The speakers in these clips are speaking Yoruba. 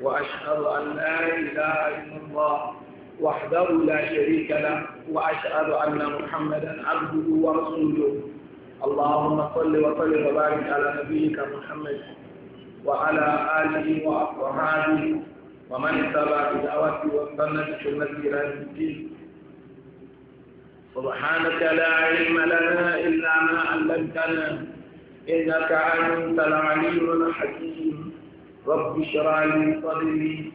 وأشهد أن لا إله إلا الله وحده لا شريك له وأشهد أن محمدا عبده ورسوله اللهم صل وسلم وبارك على نبيك محمد وعلى آله وأصحابه ومن اتبع بدعوته واستنى بسنته إلى يوم الدين سبحانك لا علم لنا إلا ما علمتنا إنك أنت العليم الحكيم رب اشرع لي صدري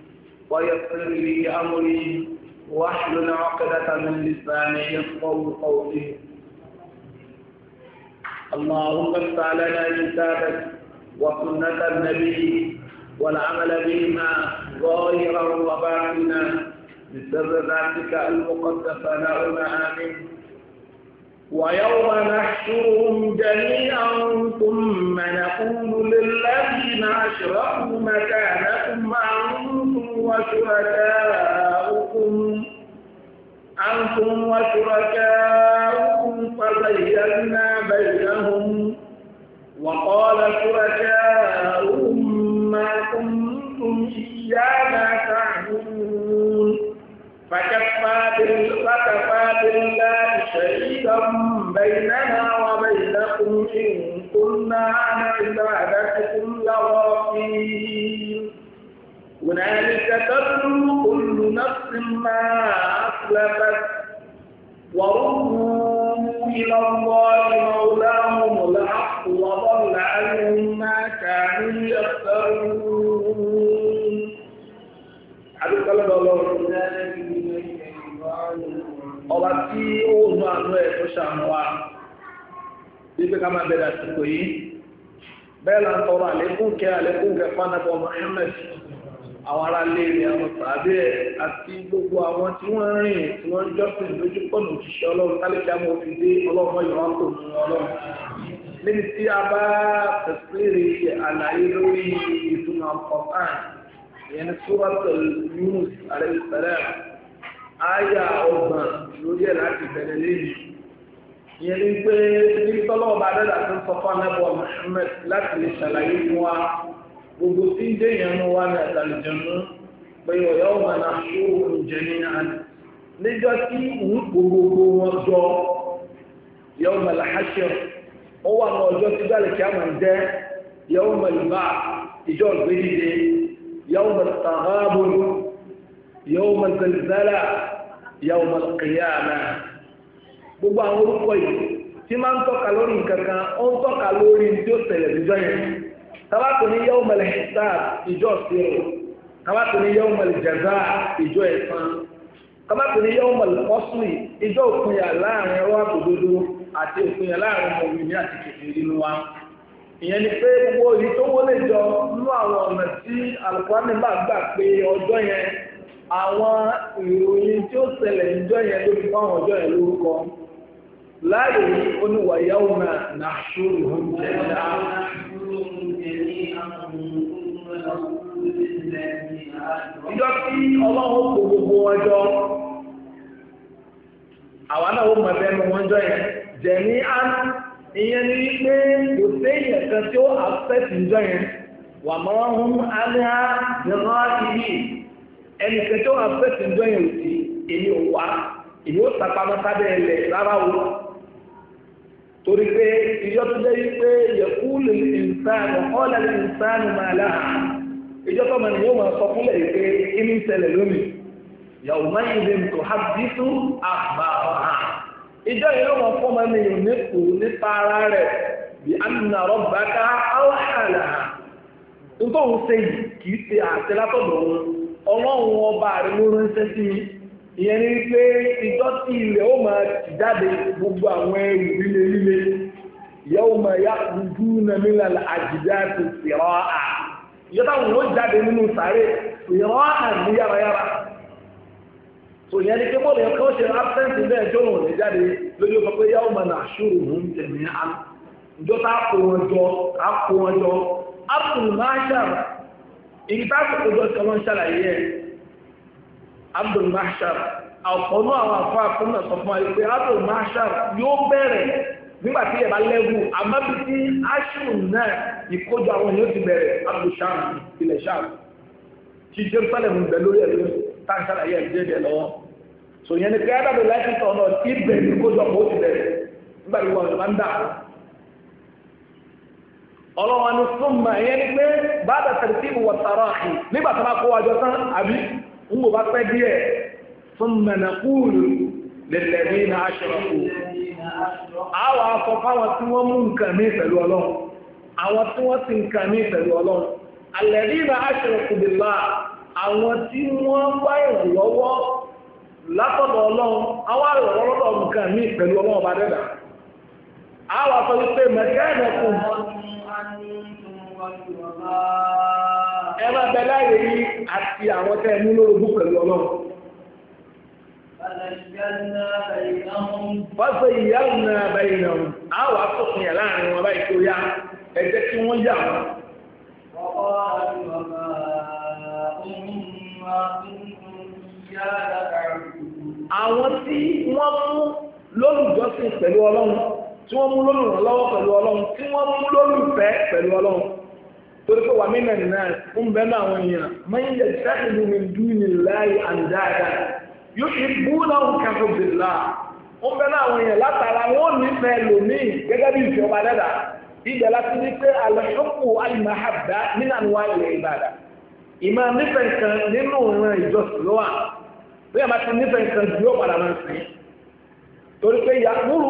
ويسر لي أمري واحلل عقدة من لساني يفقه قولي اللهم افتح لنا كتابك وسنة النبي والعمل بهما ظاهرا وباطنا بسر ذاتك المقدس لا نعم، آمين ويوم نحشرهم جميعا ثم نقول للذين أشركوا مكانكم أنتم وشركاؤكم أنتم وشركاؤكم فزينا بينهم وقال شركاؤهم ما كنتم إيانا تعبدون فكفى فكفى بالله شهيدا بيننا وبينكم إن كنا عن عبادتكم لغافلين هنالك تبلو كل نفس ما أسلفت وردوا إلى الله ká máa bẹ̀rẹ̀ àsìkò yìí bẹ́ẹ̀ la ń tọrọ àlékún kẹ́ àlékún kẹ́ fánàbọ̀ Muhammad àwọn ará lé ní àwọn tàbí ẹ̀ àti gbogbo àwọn tí wọ́n rìn tí wọ́n jọ́sìn lójú pọ̀nà òṣìṣẹ́ ọlọ́run kálíkì àmọ́ òfin dé ọlọ́run yọ̀ wọ́n kò mú ọlọ́run níbi tí a bá tẹ̀síìrì àlàyé lórí ìtumọ̀ al ìyẹn Suratul Yunus alayhi salam àyà ọgbọ̀n lórí ẹ̀ láti bẹ̀rẹ̀ lẹ́yìn yẹn ni pé nítorọ̀ ọba dẹ́dà tó ń sọ fún anábọ̀ Muhammad láti lè ṣàlàyé fún wa gbogbo tí ń dé yẹn mú wa ní àtàlùjẹ̀mú pé ọ̀yọ́ wọn náà ṣó oúnjẹ ní àná níjọ́ tí ìwú gbogbogbò wọn jọ yọ̀ọ́ mọ̀láhásẹ̀ ó wà ní ọjọ́ tí gbàlẹ̀ kí á máa jẹ́ yọ̀ọ́ mọ̀lúbà ìjọ ìgbédìde yọ̀ọ́ mọ̀tàhábùn yọ̀ọ́ mọ̀tẹ̀lẹ́sẹ̀lá yọ̀ọ́ mọ̀tẹ̀lẹ́yàmẹ́ gbogbo àwọn orúkọ yìí tí máa ń tọ́ka lórí nǹkan kan ó ń tọ́ka lórí tí ó ṣẹlẹ̀ níjọ́ yẹn tabako ní yẹ́wò mẹ́lẹ̀ hisab ìjọ sírò tabako ní yẹ́wò mẹ́lẹ̀ jaza ìjọ ẹ̀san tabako ní yẹ́wò mẹ́lẹ̀ kọ́sùlì ìjọ òpinya láàrin ẹ̀rọ àtòdodo àti òpinya láàrin mọ̀wìnì àti kẹfìrí ni wa ìyẹn ni pé gbogbo èyí tó wọlé jọ nínú àwọn ọ̀nà tí alukurani bá gbà pé ọjọ́ yẹn àwọn ìròyìn tí ó ṣẹlẹ̀ níjọ́ yẹn ló fi fáwọn ọjọ́ yẹn lórúkọ láàyè yìí oníwà yàwó náà náà ṣòro hàn jẹ́lá. ìjọ tí ọlọ́run kò gbogbo wọn jọ àwa náà ó mọ ẹgbẹ́ mi wọ́n jọ yẹn jẹ̀ ní á ìyẹn ní pé kò séèyàn kan tí ó àfẹ́sì ń jọ yẹn wà mọ́ ọ́n alẹ́ á nìkan ìdí ẹnì kan tí ó àfẹ́sì ń jọ yẹn sí èmi ò wá èmi ó sàpamọ́ sábẹ́ ẹ̀ lẹ̀ rárá o. torí pé ìjọ tó dé wípé yẹkúlù ìsánù ọ̀là ìsánù máa là ìjọ tó mọ̀ nìyẹn wọn sọ fúnlẹ̀ yìí kí ni ṣẹlẹ̀ lónìí máa ń tó ha tó àgbà ọ̀hà ìjọ yìí wọn fọ́ máa nípa ara rẹ̀ bí anna rabbaka awhalaha nítorí òun ṣe yìí kì í ṣe àtẹlátọ̀dọ̀ ọlọ́run ọba ló sí mi. ìyẹn ni pé ìjọ tí ilẹ̀ ó máa ti jáde gbogbo àwọn ẹrù líle líle yẹ́wò máa yá dúdú nàmílà àjìdá ti fìrọ́ à ìjọ táwọn ò jáde nínú sàárè fìrọ́ à ní yárayára tò yẹn ni pé bọ́ọ̀lù yẹn kọ́ ṣe absence bẹ́ẹ̀ jọ́nà ò ní jáde lójú ọkọ̀ pé yẹ́wò máa nà ṣòro ń tẹ̀mí à ìjọ tá a kó wọn jọ a kó wọn jọ abdul mahshar ìgbà tó kó jọ sọ wọn ṣàlàyé yẹn abdul mahshar àpọ̀nú àwọn afọ àfúnà sọ fún wa pé abdul mahshar yóò bẹ̀rẹ̀ nígbà tí yẹn bá lẹ́wù àmọ́bí tí aṣíwò náà ìkójọ àwọn yóò ti bẹ̀rẹ̀ abdul sham ilẹ̀ sham tí jerusalem ń bẹ lórí ẹ̀rọ táǹkàlà yẹn ń jẹ́jẹ́ lọ́wọ́ sọ yẹn ni pé adájọ́ láti tọ̀ náà tí bẹ̀rẹ̀ ìkójọ àwọn ti bẹ̀rẹ̀ nígbà tí wọn máa ń dà ọlọ́wọ́n ni súnmọ́ yẹn ni pé bá ń bò bá pẹ́ díẹ̀ fún mẹ̀nà kúùlù lẹ́lẹ́bí ní aṣọ́kù àwọn afọ́fá wọn tí wọ́n mú nǹkan ní pẹ̀lú ọlọ́run àwọn tí wọ́n ti nǹkan ní pẹ̀lú ọlọ́run alẹ́bí ní aṣọ́kù bìlá àwọn tí wọ́n wá ìrànlọ́wọ́ látọ̀dọ̀ ọlọ́run àwọn ìrànlọ́wọ́ lọ́dọ̀ nǹkan ní pẹ̀lú ọlọ́run bá dẹ́dà àwọn afọ́ àti àwọn tẹ́ ẹ mú lórogún pẹ̀lú ọlọ́run. Fọ́sẹ̀ ìyá ọ̀nà àbẹ̀yìn náà, a wà fòfin yà láàrin wọn báyìí tó yá, ẹ jẹ́ kí wọ́n yà wọ́n. Àwọn tí wọ́n mú lólùjọ́sìn pẹ̀lú ọlọ́run, tí wọ́n mú lólùrànlọ́wọ́ pẹ̀lú ọlọ́run, tí wọ́n mú lólùfẹ́ pẹ̀lú ọlọ́run torí pé wà mí nà nìyà ń bẹ náà wọn yẹn mọ iye sáyẹnì mi dùn ní láyé àndáyà yóò fi bú náà ń kẹfọ bìlá ń bẹ náà wọn yẹn látara wọn nífẹ̀ẹ́ lónìí gẹ́gẹ́ bí ìjọba dada ibẹ̀ láti ní pé alẹ́kọ̀ọ́ alimahaba nínú àwọn ilẹ̀ ìbàdàn ìmọ̀ nífẹ̀ẹ́ nǹkan nínú ìran ìjọsìn bí a máa ti nífẹ̀ẹ́ nǹkan ju yóò padà máa sìn torí pé yàtúrù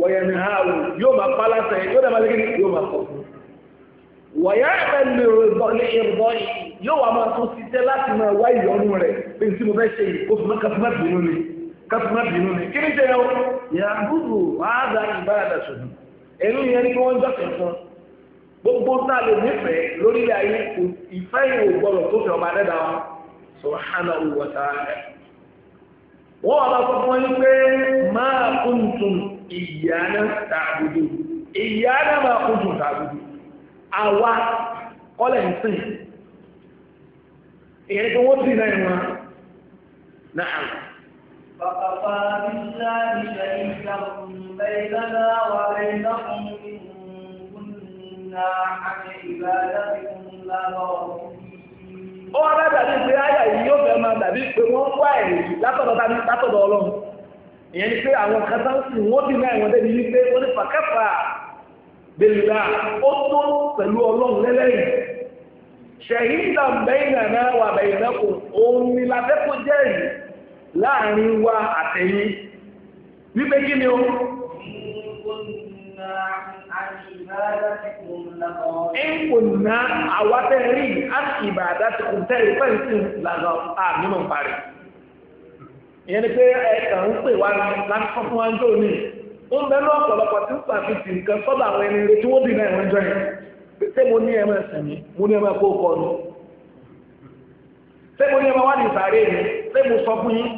wọ̀yẹ̀nì ha yóò máa pa yóò dàbí yóò máa kọ̀ fún wọ̀yá ẹ̀mẹ́lì ìrọ̀lẹ́ ìrọ̀lẹ́ yóò wà máa tún ṣiṣẹ́ láti máa wá ìyọnu rẹ̀ pé tí mo fẹ́ ṣe ìkófìmọ́ kàfímọ́ bínú ni kàfímọ́ bínú ni kí ni jẹ́ o yàgùdù wàhálà ìbáradà ṣòdù ẹ̀rú yẹn ni wọ́n jọ́sẹ̀ gbogbo tá lè nífẹ̀ẹ́ lórílẹ̀ ayé ìfẹ́ yìí ò gbọ́dọ̀ tó fi ọba dẹ́dà wọn sọ̀hánà òwò wọ́n wà àwa kọ́lẹ̀ ń sìn ìyẹn ni pé wọ́n dì náà wọn náà. Fàkàfà bíṣá ní ṣẹ̀yìn ìjàkùn bẹ́ẹ̀lá wà bẹ́ẹ̀lọ́kùn ó wá bá dàbí pé àyà yìí yóò fẹ́ máa dàbí pé wọ́n ń wá látọ̀dọ̀ tàbí látọ̀dọ̀ ọlọ́run ìyẹn ni pé àwọn kan sáà ń sìn wọ́n dì náà ìwọ̀n débi wípé ó ní fàkàfà bẹ́ẹ̀lá ó tó pẹ̀lú ọlọ́run lẹ́lẹ́yìn ṣẹ̀yìndà bẹ́yìnà náà wà bẹ̀yìnà kò òun ni labẹ́kọ̀ jẹ́rìí láàrin wa àtẹ̀yìn wípé kí ni o. Ìkùnà àwátẹ́rì àti ìbàdà ti kùn tẹ́rì fẹ́ǹsì lànà àmì mọ̀ parí. Ìyẹn ni pé ẹ̀ka ń pè wá láti fọ́fún wá ń ń bẹ lọ ọ̀pọ̀lọpọ̀ tí ń pàfi tì nǹkan sọ́dọ̀ àwọn ẹni rẹ tí wọ́n dì náà ẹ̀wọ̀n jọ yẹn ṣé mo ní ẹ̀mọ ẹ̀sìn mi mo ní ẹ̀mọ ẹ̀kọ́ ọkọ mi ṣé mo ní ẹ̀mọ wá ní sàárè mi ṣé mo sọ fún yín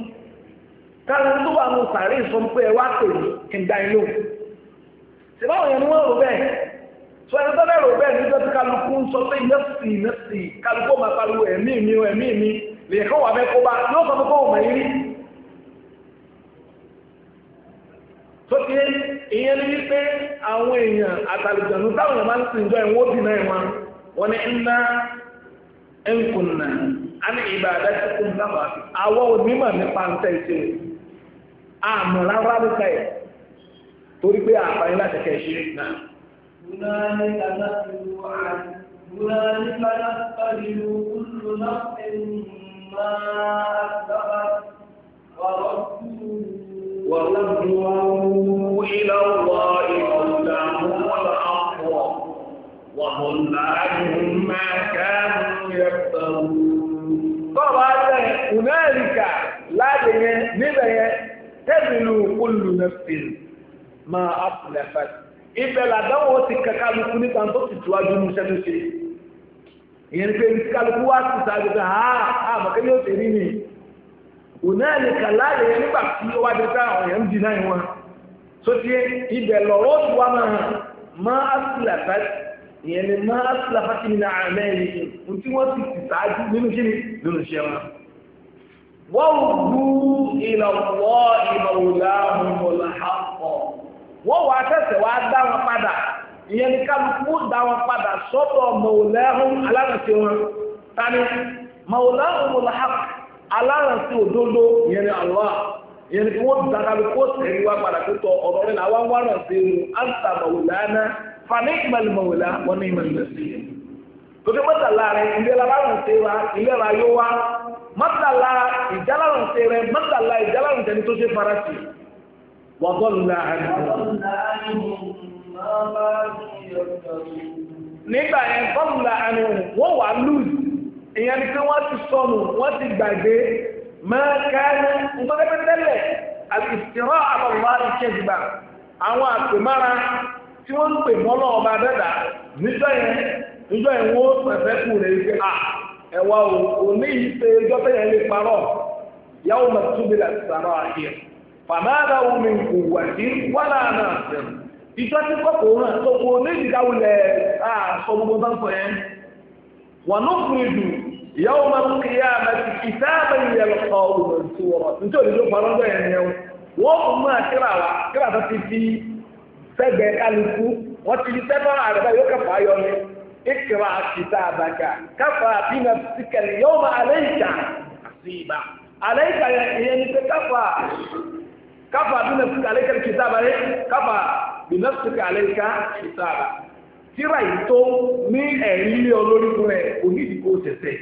káàrin tó wà ní sàárè sọ pé ẹ wá pè mí kí n dá yín lóhùn ṣèbáwò yẹn ni wọ́n rò bẹ́ẹ̀ sọ ẹni tó bẹ́ẹ̀ rò bẹ́ẹ̀ tí kálukú ń sọ pé nẹ́ẹ̀sì nẹ́ẹ̀sì kálukú máa pariwo ẹ̀mí mi ẹ̀mí mi lè kọ́ wà bẹ́ẹ̀ kó bá yóò sọ fún kó wọ́n mọ̀ yín sókè ìyẹn ni wípé àwọn èèyàn àtàlùjọ̀nù táwọn èèyàn máa ń sìn jọ ìwọ́n dì náà wọn wọn ni ńlá ẹnkùnà á ní ìgbà àdáṣe fún onímọ̀ nípa ń tẹ̀sí àmọ̀ rárá ló ká ẹ̀ torí pé àbáyé láti kẹ́ ṣe ti wà Bùnáni kàdá pàdínú kúlù náà máa dábàá ولجوا إلى الله هداهم الأقوى وضل عنهم ما كانوا يفترون طبعا هنالك لا نبي تبلو كل نفس ما أصلفت ibẹ̀ làdáwọ̀ ti kàkà lukú nípa tó ti tu ajú ní tó ṣe ìyẹn ni pé kálukú wá ti sáré pé ha àmọ̀kẹ́ yóò ṣe rí nìyí ònà nìkan láàyè yẹn nígbà tí ó wá dé sá àwọn èèyàn ń di náà wọn sọtí ibẹ̀ lọ́rọ̀ tó wá máa máa asìlàfà ìyẹn ni máa asìlàfà kí ni náà àmẹ yìí ní tí wọn ti ti sáájú nínú kí ni nínú iṣẹ́ wọn. wọ́n wù ìlọ̀wọ́ ìlọ̀wọ́lá ọmọlá àpọ̀ wọ́n wà tẹ̀sẹ̀ wá dá wọn padà ìyẹn ni kálukú dá wọn padà sọ́dọ̀ mọ̀ọ́lẹ́hùn alágbèsè wọn tani mọ̀ọ́lẹ́hùn mọ̀ọ́lá aláràǹsí òdodo yẹn ni Allah yẹn ni kí wọ́n dàgbàlù kó sẹ́yìn wá padà tó tọ ọ̀rọ̀ rẹ̀ làwọn wá ràn sí irun ansa mawulana fani ìmàlì mawula wọn ní ìmàlì mẹsì yẹn. lókè mọ́tàlá rẹ̀ ìlera aláràǹsí wa ìlera yóò wá mọ́tàlá ìjáláràǹsí rẹ̀ mọ́tàlá ìjáláràǹsí ẹni tó ṣe farasi wọ́n bọ́ lula nígbà yẹn bọ́ọ̀lù wọ́n wà ìyẹn ni pé wọ́n ti sọnù wọ́n ti gbàgbé máa káyọ nítorí tẹ́lẹ̀ àtìsírọ́ àbọ̀wá iṣẹ́ ìgbà àwọn àpèmára tí wọ́n ń pè mọ́lọ́ ọba dẹ́dà níjọ́ yẹn níjọ́ yẹn wọ́n pẹ̀fẹ́ kù rẹ̀ à ẹ̀wà o òní ẹjọ́ lè parọ́ yàwó fàmáàdà omi kò wà sí wàlà náà tó kò ní ونخرج يوم القيامة كتابا يلقاه منشورا انتو اللي جو فرنجا يعني يوم wọ́n máa kíra wa kíra tó ti fi sẹ́gbẹ̀ẹ́ kálukú wọ́n ti fi sẹ́gbẹ̀ẹ́ àrẹ̀bá yóò kẹfà yọ ní ìkìrà kìtà àbàkà káfà bímọ síkẹlẹ yóò máa àlẹ́yìká àṣìbà àlẹ́yìká yẹn ni pé káfà káfà bímọ síkẹlẹ àlẹ́yìká kìtà àbàkà káfà bímọ síkẹlẹ àlẹ́yìká kìtà àbàkà tíra ìtó ní ẹ̀rí ilé olórikun rẹ̀ kò ní ìdíkò tẹ̀tẹ̀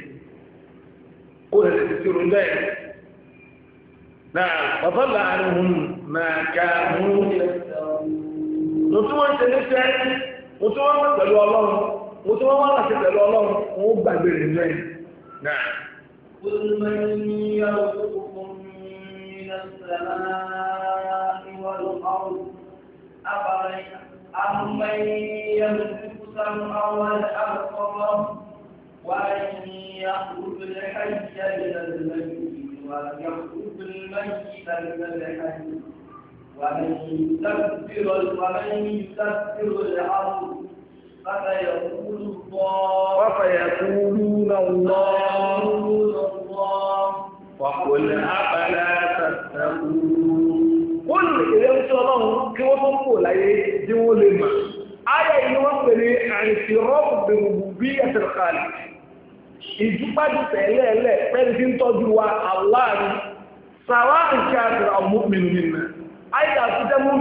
kó tẹ̀tẹ̀ tẹ̀tẹ̀ ro bẹ́ẹ̀. Náà bàbá làárín òun máa ka òun mo tí wọ́n ṣe níṣẹ́ mo tí wọ́n wọ́n pẹ̀lú ọlọ́run mo tí wọ́n wọ́n láti pẹ̀lú ọlọ́run mo ń gbàgbé rẹ̀ nínú ẹ̀. Náà. Olùmọ̀lẹ́ni yàrá òkú fún mi ní ọ̀sán láàárín wọn lọ́wọ́ àbára أمن يملك سمع الأبصر وأن يخرج الحي إلى الميت ويخرج الميت من الحي ومن يدبر ومن يدبر الأرض فسيقولون الله فقل أفلا تتقون ó lè ìrẹ́ sí ọlọ́run kí wọ́n tó kò láyé bí wọ́n lè mà áyà yìí wọ́n pè ní àìsí rọ́ọ̀bù bẹ̀rù bí ẹ̀sẹ̀kàlì ìdúpájú tí ń tọ́jú wa aláàrí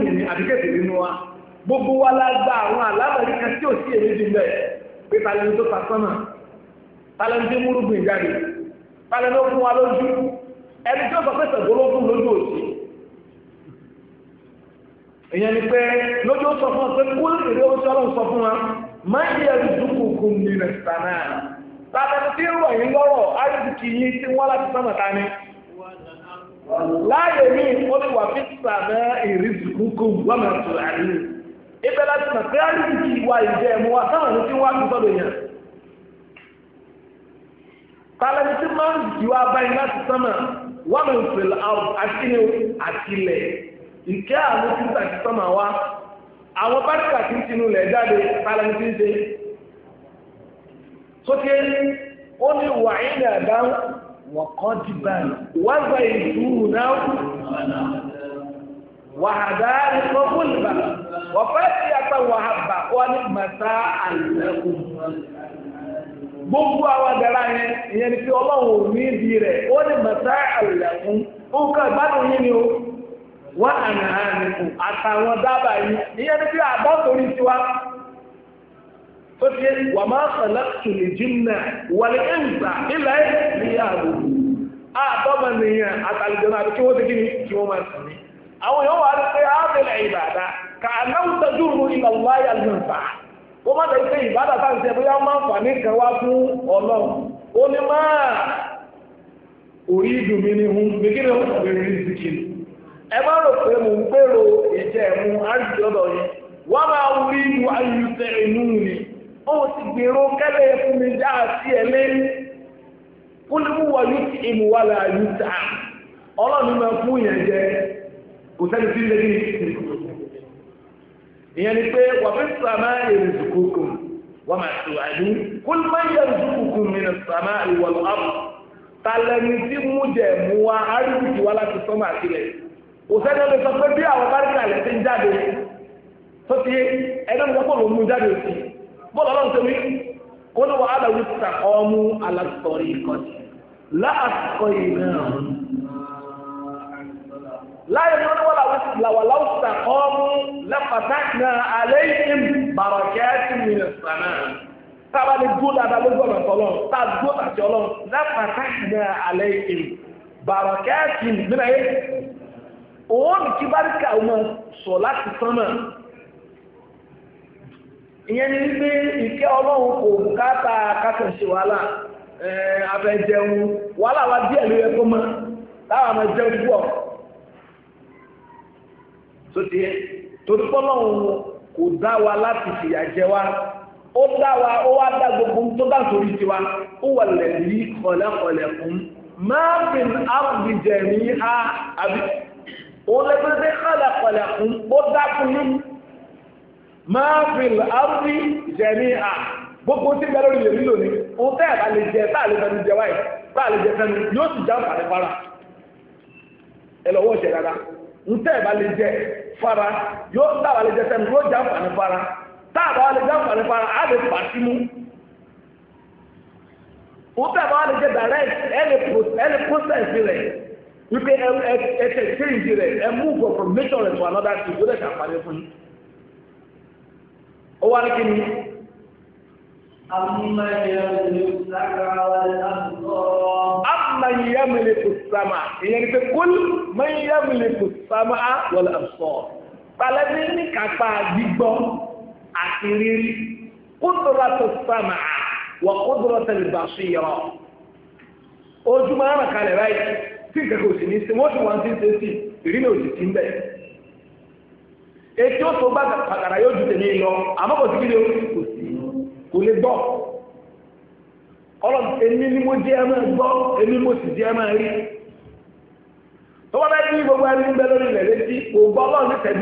ní àdìgẹ́sì nínú wa gbogbo wa la gba àwọn alábàárí kan tí ò sí èmi pé múrùgbìn jáde ó ìyẹn ni pé lójú ó sọ fún ọ pé kúlù ìdí ó sọ sọ fún wa máa ń yẹ ìdúkù kùn ní rẹ̀sítà náà tàbí tí ń rọ̀ yín lọ́rọ̀ áìsìkì yín tí wọ́n láti sọ́nà ta ni. láàyè mi ó ti wà fi sàmẹ́ ìrìsìkú kùn wọ́n mọ̀ tó àdúrà ibẹ̀ láti sàn pé áìsìkì wa ìjẹ́ mu wa táwọn ní tí wọ́n á fi sọ́dọ̀ yẹn. tàbí tí máa ń jì wá báyìí láti sọ́nà wọ́n mọ̀ ìkẹ́ àwọn tí ń tàkì sọ́mà wá àwọn báríkà tí ń tinú lẹ̀ jáde tálẹ̀ ń ti ń ṣe sókè ó ní wà ní wọ́n kọ́ di báyìí wọ́n gba ìdúró náà wàhádà ìfọ̀kúlùbà wọ́n fẹ́ ti apá wàhábà wọ́n ní màtá àlùkù gbogbo àwọn àdàrà yẹn ìyẹn ni pé ọlọ́run ò ní ibi rẹ̀ ó ní màtá àlùkù ó ká ìbádùn yín ni ó. wọ́n àná àníkù àtàwọn dábàá yìí níyẹn ní bí àbá torí tiwa tó ti yẹ wà máa sọ̀lá tùlì jìnnà wàlẹ̀ ẹ̀ǹsà ilẹ̀ ní àbùkù àbọ̀mọ̀ nìyẹn àtàlùjọ́nà àbí kí wọ́n ti kí ni wọ́n máa sìn ní. àwọn yòówù wà lóṣè ábẹ̀lẹ̀ ìbàdà kà ànáwó tẹ́jú ru ilẹ̀ wáyà lọ́nfà wọ́n má dẹ̀ ìbàdà tá à ń sẹ́ ẹ má rò pé mò ń gbèrò ìjẹ ẹ̀mú àrùjọ lọ yẹn wọ́n máa ń rí inú ayùtẹ̀ inú mi ó ti gbèrò kẹ́lẹ́ fún mi dá àti ẹ̀lẹ́ kúlùmù wà ní ti ìmùwàlà ayùtà ọlọ́run máa fún yẹn jẹ kò sẹ́ni tí ń lé ní ìyẹn ni pé wà fi sàmà wà máa tó àdú òṣèlú ló sọ pé bí àwọn báríkà rẹ̀ ti ń jáde tó ti ẹni ọ̀sán pọ̀ ló mú jáde òsì bọ́ọ̀lù ọlọ́run tó wí kó ló wà á lọ́wọ́ ti sàkọ́ ọmú alásọ̀rí ìkọ̀tì láàkọ́ ìrìn àrùn láyé ní wọn wọlé làwàlá òsà ọmú lẹ́pàtà náà alẹ́ yìí bàrọ̀kẹ́ ti mìíràn sànà tába ní dúró dáadáa lójú ọ̀nà tọ́lọ̀ tá a dúró tàti ọlọ́run lẹ́pàtà náà alẹ́ yìí bàrọ̀kẹ́ ti mìíràn òórùn tí báríkà ọmọ sọ láti sánmà ìyẹn ni wípé ìkẹ́ ọlọ́run kò bùkátà kákànṣe wàhálà abẹ́jẹun wàhálà wa díẹ̀ ló yẹ kó mọ́ táwọn ọmọ jẹun púpọ̀ sóti yẹ torí pọ́lọ́run kò dá wa láti fìyà jẹ wa ó dá wa ó wá dá gbogbo tó dá sórí tiwa ó wà lẹ́yìn kọ̀lẹ́kọ̀lẹ́ fún máa fi àrùn jẹ̀mí á àbí òun lẹ́gbẹ́ pé kálàkọ̀là ń ما في الأرض جميعا. fi àrùbí jẹ̀mí à gbogbo tí bẹ́ẹ̀ lórí lè nílò ni òun tẹ́ àbá lè jẹ táà lè fẹnu jẹ wáyé táà lè jẹ fẹnu yóò sì já nǹkan fara ẹ lọ́wọ́ ṣẹ̀ dáadáa ń tẹ́ àbá lè jẹ fara yóò táà lè jẹ fẹnu yóò já nǹkan fara táà bá lè já nǹkan fara á lè fà sí mú òun tẹ́ àbá lè jẹ direct ẹ lè process rẹ̀ wípé ẹ ẹ ẹ tẹ̀sí ìdí rẹ̀ ẹ mú bọ̀ from nature rẹ̀ to another thing ó lè ṣe fún yín. ó wá ní kí ni. àmúmọ̀ ìyá mi ìyẹn ni pé kúl mọ̀ ìyá mi lè kò ní kápá gbígbọ́ àti rírí kúndùrà tó sàmà wà kúndùrà tó lè kalẹ̀ báyìí. tí nǹkan kò sì ní sí wọ́n sì wọ́n ti ń ṣe sí ìrìnà òsì sí ń bẹ̀. etí ó tó bá kàkàrà yóò ju tèmi lọ àmọ́ kò sí kí ni ó kò sí kò lè gbọ́. ọlọ́run èmi ni mo jẹ́ ẹ máa gbọ́ èmi gbogbo ẹni ń bẹ lórí ilẹ̀ létí kò gbọ́ ọlọ́run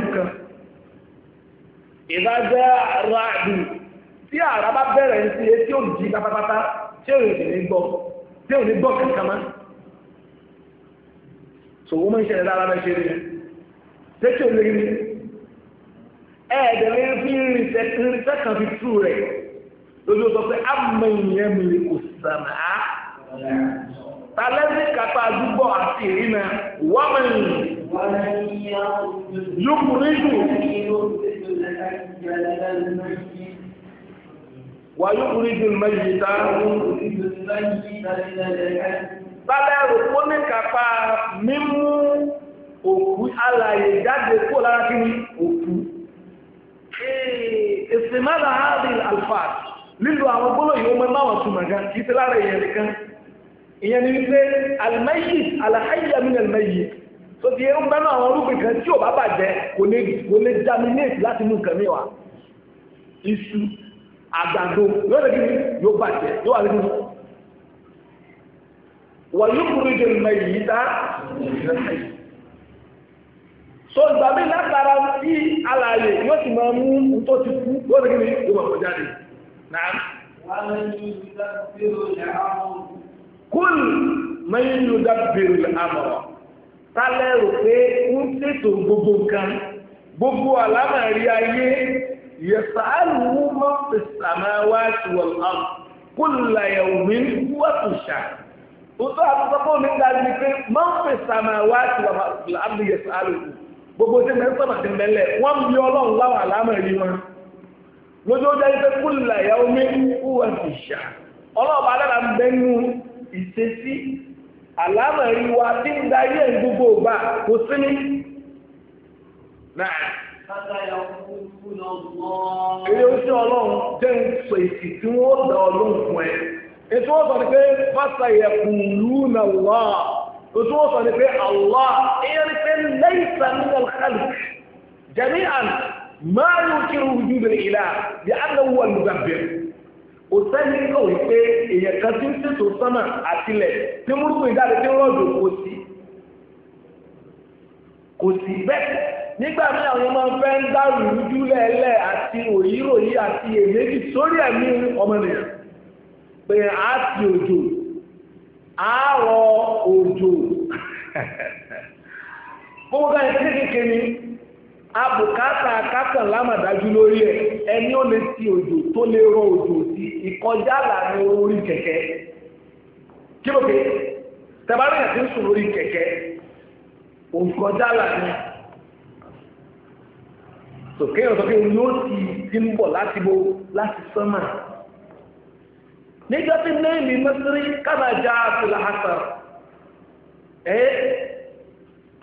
ní so wọ́n máa ń ṣẹlẹ̀ lára bẹ́ẹ̀ ṣe rí tẹ́tí ò lérí ẹ̀ẹ́dẹ̀ lérí fi rin sẹ́kàn fi tú rẹ̀ lójú sọ pé amẹ̀yìn mi kò sàmà á talẹ́sì kata àdúgbò àti ìrìnà wọ́mẹ̀yìn yóò rí jù wàyó rí jù mẹ́yìí tá bábẹ́ rò ó ní kápá mímú òkú alàyè jáde kó lára kí ni òkú. ìsìnmára hàbí alfaad lílo àwọn gbólóhùn yìí ó mọ ẹ má wọn túmọ̀ gan kì í ti lára ìyẹn nìkan ìyẹn ni wípé alìmẹ́yì alàhàyàmí alìmẹ́yì tó ti ń bẹ́nu àwọn olùgbìn kan tí ò bá bàjẹ́ kò lè kò lè germinate láti mú nǹkan mìíràn iṣu àgbàdo yóò lè kí ni yóò bàjẹ́ yóò wà lè kí ni wọ̀nyúkúrúdì mọ̀ yìí dá so ìgbàmí látara tí alààyè yóò ti máa mú un tó ti kú yóò ti kí ni yóò máa kó jáde náà. kúl mẹ́yìn yóò dá bèrè pé ń ṣètò gbogbo nǹkan gbogbo àlámàrí ayé yẹ̀sà àlùmọ́ fèsàmáwá tiwọ̀n àmọ̀ kúl làyẹ̀wò mi wọ́n tó ṣàkóso. Òtún àtúntọ́kọ́ mi ga ni pé máa ń fèsì àmà wá sí wàhálà àbúrò yẹn sí àlòkù. Gbogbo tí mẹ́rin sọ̀nà ti mẹ́lẹ̀, wọ́n ń bí ọlọ́run láwọn àlámọ̀ rí wọn. Lójú ó jẹ́ pé kúlà ìyá omi kú wà sí ìṣà. Ọlọ́ọ̀bá alára ń bẹ́nu ìṣesí àlámọ̀ rí wa tí ń darí ẹ̀ gbogbo ògbà kò sí ní. èyí ó sí ọlọ́run jẹ́ ń sọ èsì tí wọ́n dá ọlọ́run fún ẹ ètò wọ́n sọ ní pé fásayẹ̀ kùlú na wà ètò wọ́n sọ ní pé allah ìyẹn ní pé lẹ́yìnsà nínú alkhali jẹ̀mí àn máa yóò kí irú ojú rẹ̀ ìlà bí a lọ wọ lùgbàgbẹ́ kò sẹ́ni kọ̀ wípé èèyàn kan tí ń tètò sánà àtìlẹ̀ tí múrùkù ìdáde tí rọ́ọ̀dù kò sí kò sí bẹ́ẹ̀ nígbà míì àwọn ọmọ fẹ́ ń dárú ìrújú lẹ́ẹ̀lẹ́ àti òyìnròyìn àti èméjì sórí ẹ̀mí ọmọ nìyẹn pé a ti òjò a rọ òjò gbogbo ká ẹsẹ̀ kékeré ni abùkátà kákan lámàdájú lórí ẹ ẹni ó lè ti òjò tó lè rọ òjò sí ìkọjá lànà orí kẹ̀kẹ́ kí ló dé tẹ̀bárí yẹn ti ń sùn lórí kẹ̀kẹ́ òǹkọjá lànà sòkè ọ̀sọ́kè yóò ti ti ń bọ̀ láti bo láti sánmà. nígbàtí mẹ́lì mẹ́sírí kama jaa fil asar ẹ́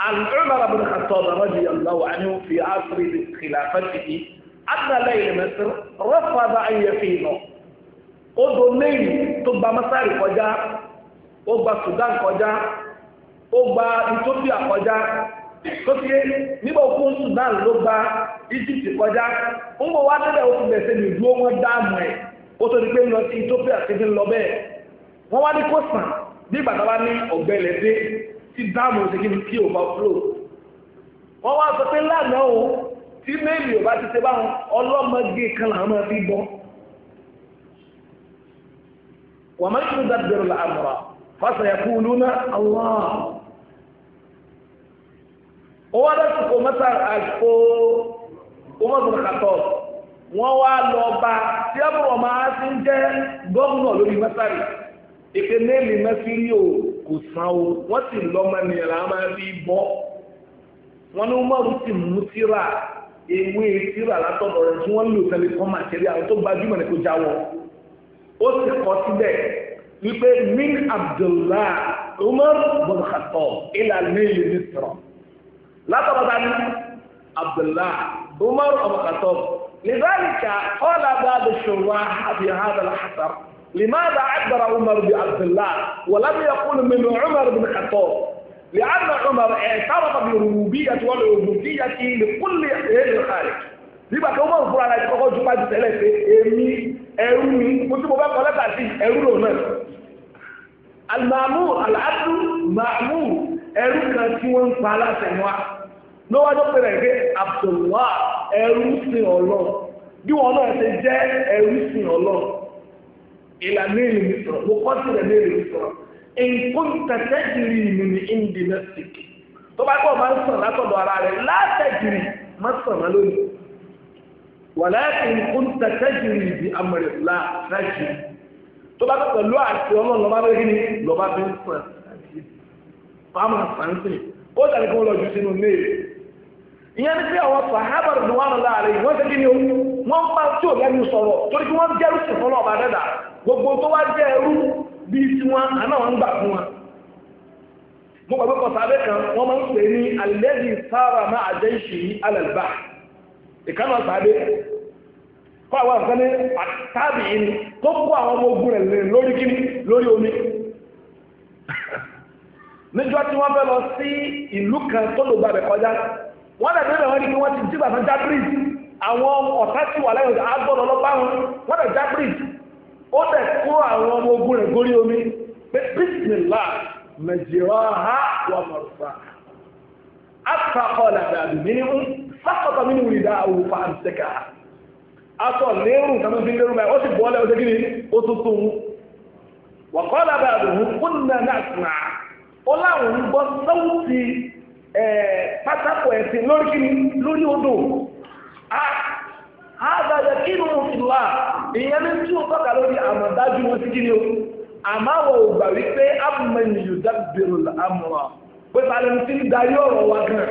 al'umar bin khattab na anhu fi asri khilafatihi anna layl misr rafada an yafina ó do mẹ́lì tó gba masari kọjá ó gba sudan kọjá ó gba ethiopia kọjá tó sudan gba egypt kọjá kó tó di pé lọ sí ethiopia ti fi lọ bẹ́ẹ̀ wọ́n wá ní kó sàn bí ìgbà táwa ní ọ̀gbẹ́lẹ̀ dé tí dáàmù ṣe kí ni kí o bá fúlò wọ́n wá sọ pé lánàá o tí méèlì ò ti ṣe báwọn ọlọ́mọge kan làwọn máa fi bọ́ wọ́n máa ń tún dábẹ̀rù làmúra fásayàkú lónà allah ó wá dá sùkò mọ́tà àgbo ó mọ̀ sọ̀rọ̀ kàtọ́ọ̀ wọ́n wá lọ bá tí àbúrò máa ti ń jẹ́ gómìnà lórí mẹ́sàrì èpè mẹ́lì mẹ́sìrì o kò san o wọ́n sì lọ́mọ ènìyàn làwọn máa fi bọ́ wọn ní Umaru ti mú síra ewé síra látọ̀dọ̀ rẹ̀ tí wọ́n lò tẹ́lẹ̀ kọ́ màtẹ́rì àwọn tó gbajúmọ̀ ní kò já wọn ó sì kọ́ síbẹ̀ wípé min Abdullah Umar bin Khattab ilà mẹ́lì ní sọ̀rọ̀ ni Abdullah Umar bin لذلك قال بعض الشراح في هذا الحسر لماذا عبر عمر بعبد الله ولم يقول من عمر بن الخطاب لأن عمر اعترف بالربوبية والعبودية لكل غير الخالق nígbà tó mọ̀ fúnra rẹ̀ kọ́kọ́ ju pàṣẹ tẹ́lẹ̀ pé èmi ẹrú ni mo tí mo bá kọ́ lẹ́tà sí ẹrú lòun náà alimamu alhadu maamu ẹrú kan tí wọ́n ń pa aláṣẹ wa lọ́wọ́ tó rẹ̀ pé abdullahi ẹrú sìn ọlọ́run bí wọn náà ṣe jẹ́ ẹrú sìn ọlọ́run ìlànà èrè mi sọ̀rọ̀ mo kọ́ sí ìlànà èrè mi sọ̀rọ̀ nǹkan tẹ̀tẹ̀jìrì mi ní indinestic tó bá kọ́ máa ń sàn látọ̀dọ̀ ara rẹ̀ látẹ̀jìrì má sàn má lónìí wàlẹ́kùn nǹkan tẹ̀tẹ̀jìrì bí amẹ̀rẹ̀lá rájì tó bá kọ́ pẹ̀lú àti ọlọ́run lọ́ba bẹ́ẹ̀ kí ni lọ́ba bẹ́ẹ̀ sàn fáwọn àǹfààní kó tàbí kí wọ́n lọ jù sínú méèlì ìyẹn ní pé àwọn sàhábàrù ni wọn lọ àárẹ wọn ṣe kí ni wọn bá tí ò lẹ́nu sọ̀rọ̀ torí pé wọn jẹrú sí fọlọ ọba dẹdà gbogbo tó wá jẹ ẹrú bíi tiwọn àná wọn gbà fún wọn. mo gbàgbé kọsà kan wọn máa ń pè ní alẹ́dì sára máa àjẹ ìṣì alẹ́lbà ìkànnà sàbẹ kọ́ àwọn àǹfẹ́ ní àtàbí ìní tó kó àwọn ọmọ ogun rẹ̀ lórí lórí omi níjọ́ tí wọ́n wọ́n dẹ̀ bẹ́ẹ̀ wọ́n ní kí wọ́n ti jí bàbá Jabris àwọn ọ̀tá tí wà lẹ́yìn agbọ́dọ̀ lọ́pàá wọn wọ́n ó kó ogun rẹ̀ omi pé bísímìlá mẹ̀jìrọ̀ ha wà mọ̀rùfà àtàkọ̀ọ̀lẹ̀ àbí mímú sákọ̀tọ̀ mímú rí dá owó fa àǹtẹ̀kà atọ̀ lérù kàmú fi lérù báyìí ó sì bọ́ọ̀lẹ̀ ó tẹ́kí ni ó tún tún un pátákó ẹ̀sìn lórí kí ni lórí odò àbàdà kí ni mo fi wà ìyẹn ní tí ó tọ́ka lórí àmọ̀dájú wọn sí kí ni o àmọ́ àwọn ò wípé amọ̀nyìn yóò dábìrò àmọ̀wà pé balẹ̀ ní ti ń darí ọ̀rọ̀ wa gan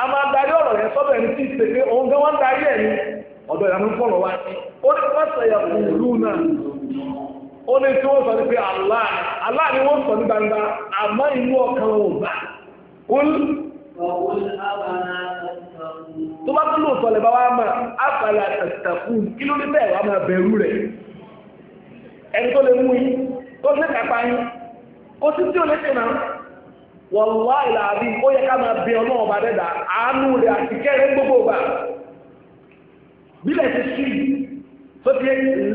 àmọ́ darí ọ̀rọ̀ yẹn sọ́dọ̀ ẹni tí ń pèsè òun gan wọ́n darí ẹ̀ ní ọ̀dọ̀ ìyàmú fọ̀rọ̀ wa sí ó ní wọ́n sọ̀yà náà ó ní tí wọ́n sọ ní pé ni wọ́n sọ tó bá tún lóòótọ́ lè bá wá máa àfàlà tàkùn kí ló ní bẹ́ẹ̀ wá máa bẹ̀rù rẹ̀ ẹni tó lè mú yín tó ní kápá yín kó sí tí ò lè tẹ̀nà wọ̀lúwà ìlàbí ó yẹ ká máa bẹ ọmọ ọba dẹ́dà àánú rẹ̀ àti kẹrẹ gbogbo gbà bílẹ̀ ti sí tó ti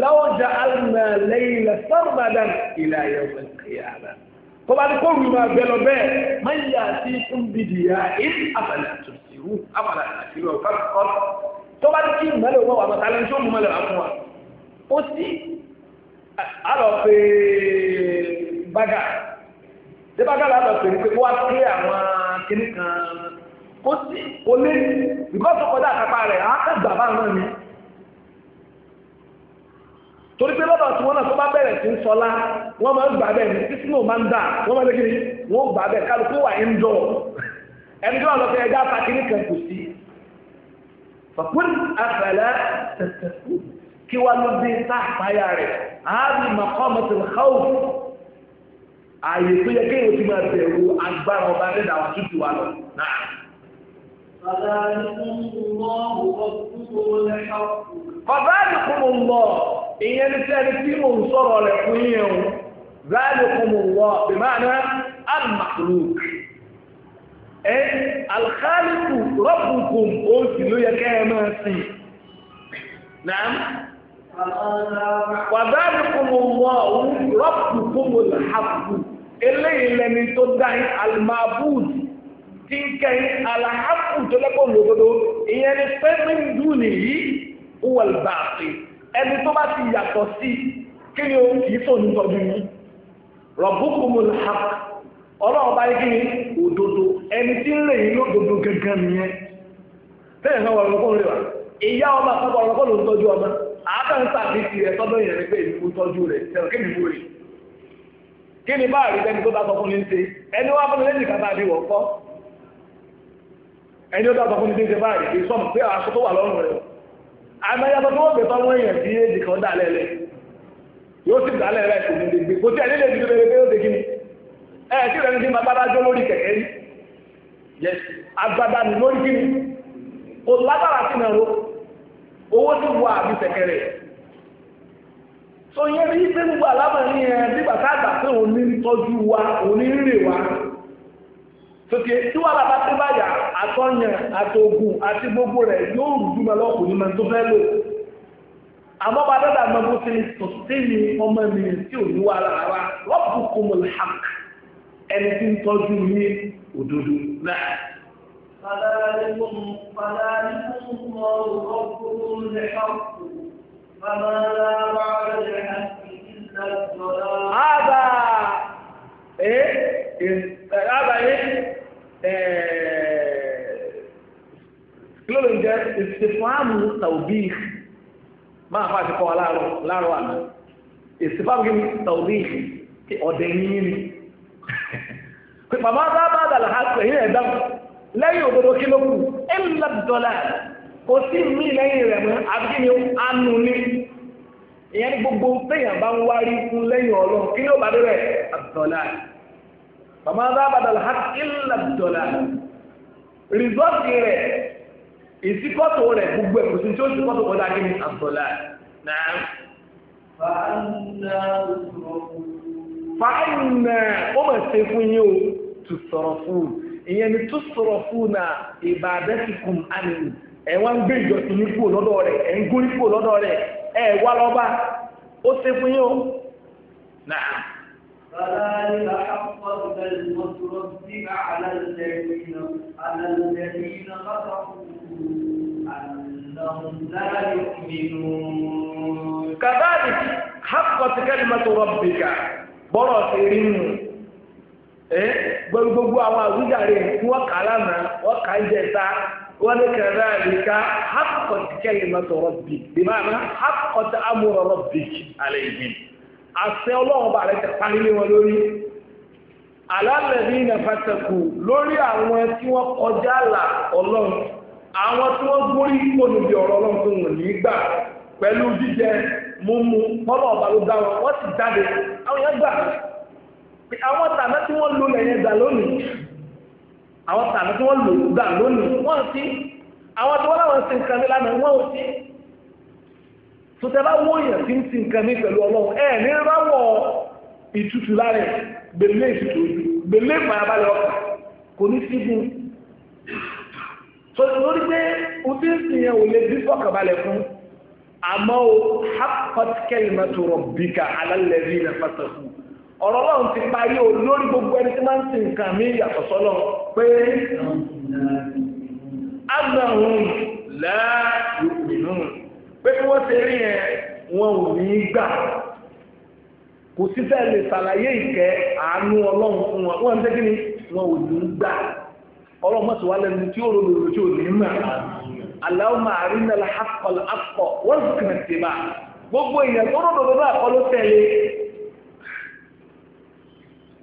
láwọ́jà alùmọ̀ lẹ́yìn lẹ́sọ̀rọ̀ mádàm ìlà yọ̀ tó bá ní kó wù máa bẹ lọ bẹ́ẹ̀ má yà sí nbìdì yá é àbàlẹ̀ àtòsíwù àbàlẹ̀ àtòsíwù kọ́ tó bá ní kí ìmọ̀lẹ̀ òun wà mọ̀ tálẹ́ ní sọ́ọ̀mù mọ̀lẹ̀ wà fún wa ó sì alọ̀ pé ṣé bága la lọ pè ní pé àwọn kìnnìkan kó sí olé ìgbọ́sọ̀kọ́dá àkápá rẹ̀ á kẹ́ bàbá náà ni torí pé lọ́dọ̀ tí wọ́n náà tó bá bẹ̀rẹ̀ sí ń sọlá wọ́n máa ń gbà bẹ́ẹ̀ ní títí náà máa ń dà wọ́n máa ń lékiri wọ́n gbà bẹ́ẹ̀ kálukú wà ń dọ̀ ẹni tó wà lọ fẹ́ ẹja pàkínní kan kò sí. fàkún àfẹlẹ tẹtẹkù kí wàá ló dé tá àpáyà rẹ̀ ààbì maqamatul khawf ààyè tó yẹ kéèyàn ti máa bẹ̀rù agbára ọba rẹ̀ dà wà tútù wà lọ náà. فذلكم الله ان يلتزم صرا لكم ذلكم الله بمعنى المخلوق إيه؟ الخالق ربكم قلت له يا نعم وذلكم الله ربكم الحق اللي لم تدعي المعبود tí ń kẹ́yìn alahapu tó lẹ́kọ̀ọ́ lòdodo ìyẹn ni fẹ́mìn dùn yìí wọ̀l bàtì ẹni tó bá ti yàtọ̀ sí kí ni òun kì í sọ nítọ́jú yìí rọ̀bùkùmùl hàk ọlọ́run bá yí òdodo ẹni tí ń lè yín lódodo gẹ́gẹ́ nìyẹn bẹ́ẹ̀ náà wọ̀lọ́kọ́ ń lè wà ìyá ọmọ àpapọ̀ ọlọ́kọ́ ló ń tọ́jú ọmọ àádọ́n tàbí ti rẹ̀ ẹni ó dábàá fún ní déjẹ báyìí kì í sọ̀mù pé aṣọ tó wà lọ́rùn rẹ̀ àmọ́ yàtọ̀ tó wọ́n gbé fáwọn èèyàn tí èdè kan lẹ́lẹ̀ yóò sì lẹ́lẹ̀ kò ní lè gbé kò sí ni ẹ dájọ́ lórí kẹ̀kẹ́ yẹ agbada lórí kí ni sí náà ro owó àbí sẹ̀kẹ̀rẹ̀ yẹn ní sókè tí wàhálà bá ti báyà àtọ́yàn àtògùn àti gbogbo rẹ̀ yóò rújú mọ́ lọ́kùn ní mẹ́tò fẹ́ lò àmọ́ bá dọ́dà mọ́ bó ti sọ̀tẹ́ni ọmọ ènìyàn tí ò ní wàhálà rárá rọ́pù kòmọ̀lì hàk ẹni tí ń tọ́jú ní òdodo náà. فذلكم فذلكم الله ربكم الحق فما لا ìsìfàmù tàwbíì máa fà ti kọ́ wa láàárọ̀ àná ìsìfàmù kí ni tàwbíì kí ọ̀dẹ̀ yín ni pípa máa bá bá dàlà ha pẹ̀lú ẹ̀dá lẹ́yìn òdodo kí ló kù ẹ̀ ń ni ánú ni ìyẹn gbogbo téèyàn bá ń wárí fún lẹ́yìn ọlọ́run kí ló bá dé rẹ̀ àdọ́là pàmò àbá bá dàlà ha ẹ̀ rìsọ́ọ̀tì rẹ̀ ìsíkọ́tò rẹ̀ gbogbo ẹ̀ kò sí tí ó sì kọ́tò kọ́tà kí ni àbọ̀là náà. fàánà ó mà ṣe fún yín o tó sọ̀rọ̀ fún ìyẹn ni tó sọ̀rọ̀ fún na ìbàdàtìkùn àmì ẹ̀ wá ń gbé ìjọsìn ní kúrò lọ́dọ̀ rẹ̀ ẹ̀ ń gún ní kúrò lọ́dọ̀ rẹ̀ ẹ̀ wá lọ́ba ó ṣe fún yín o náà. فذلك حقا kàbáàdì hapkọ̀tì kẹ́lìmọ́tò rọ̀bìkà bọ́rọ̀ sí rí nù gbogbo àwọn àwùjáre wọ́n kà lánàá wọ́n kà jẹta wọ́n ní kàbáàdìkà hapkọ̀tì kẹ́lìmọ́tò rọ̀bì bímọ hapkọ̀tì amúrọ̀ rọ̀bì àlẹ́yìn àṣẹ ọlọ́run bá rẹ̀ tẹ̀ wọn lórí alálẹ̀ lórí àwọn tí wọ́n kọjá ọlọ́run. àwọn tí wọ́n gbórí olùbí ọ̀rọ̀ ọlọ́run wọn ní gbà pẹ̀lú jíjẹ múmu mọ́lọ̀ ọ̀bà ló dá wọn wọ́n sì jáde àwọn yẹn gbà pé àwọn tàná tí wọ́n lò lẹ́yìn dà lónìí àwọn tàná tí wọ́n lò dà lónìí wọ́n ti àwọn tí wọ́n láwọn ṣe nǹkan mi lánàá wọ́n ti sọtẹ́lá wọ́n yàn tí ń ti nǹkan mi pẹ̀lú ọlọ́run ẹ̀ ní ráwọ̀ ìtutù lára gbèlé ìtutù gbèlé ìpàyàbálẹ̀ ọkà kò ní sígun torí pé òbí ìsìnyẹn ò lè bí fọkànbalẹ̀ fún àmọ́ o haqqat kalimatu rabbika ala alladhina fatahu ọ̀rọ̀ náà ti parí o lórí gbogbo ẹni tí máa ń sin nǹkan mi yàtọ̀ sọ́lọ́ pé annahum la yu'minun pé kí wọ́n ṣe rí wọn ò ní gbà kò sí fẹ́ lè ṣàlàyé ìkẹ́ àánú ọlọ́run fún wọn wọ́n ń tẹ́kí ni wọn ò ní gbà ọlọ́mọ tí wà lẹ́nu tí ó lòlò tí ò ní mọ̀ aláwọ̀mọ̀ àrínà àkọ́ àkọ́ wọ́n sì kàn sí bá gbogbo èèyàn tó rọ̀ lọ́dọ̀ náà kọ́ ló tẹ̀lé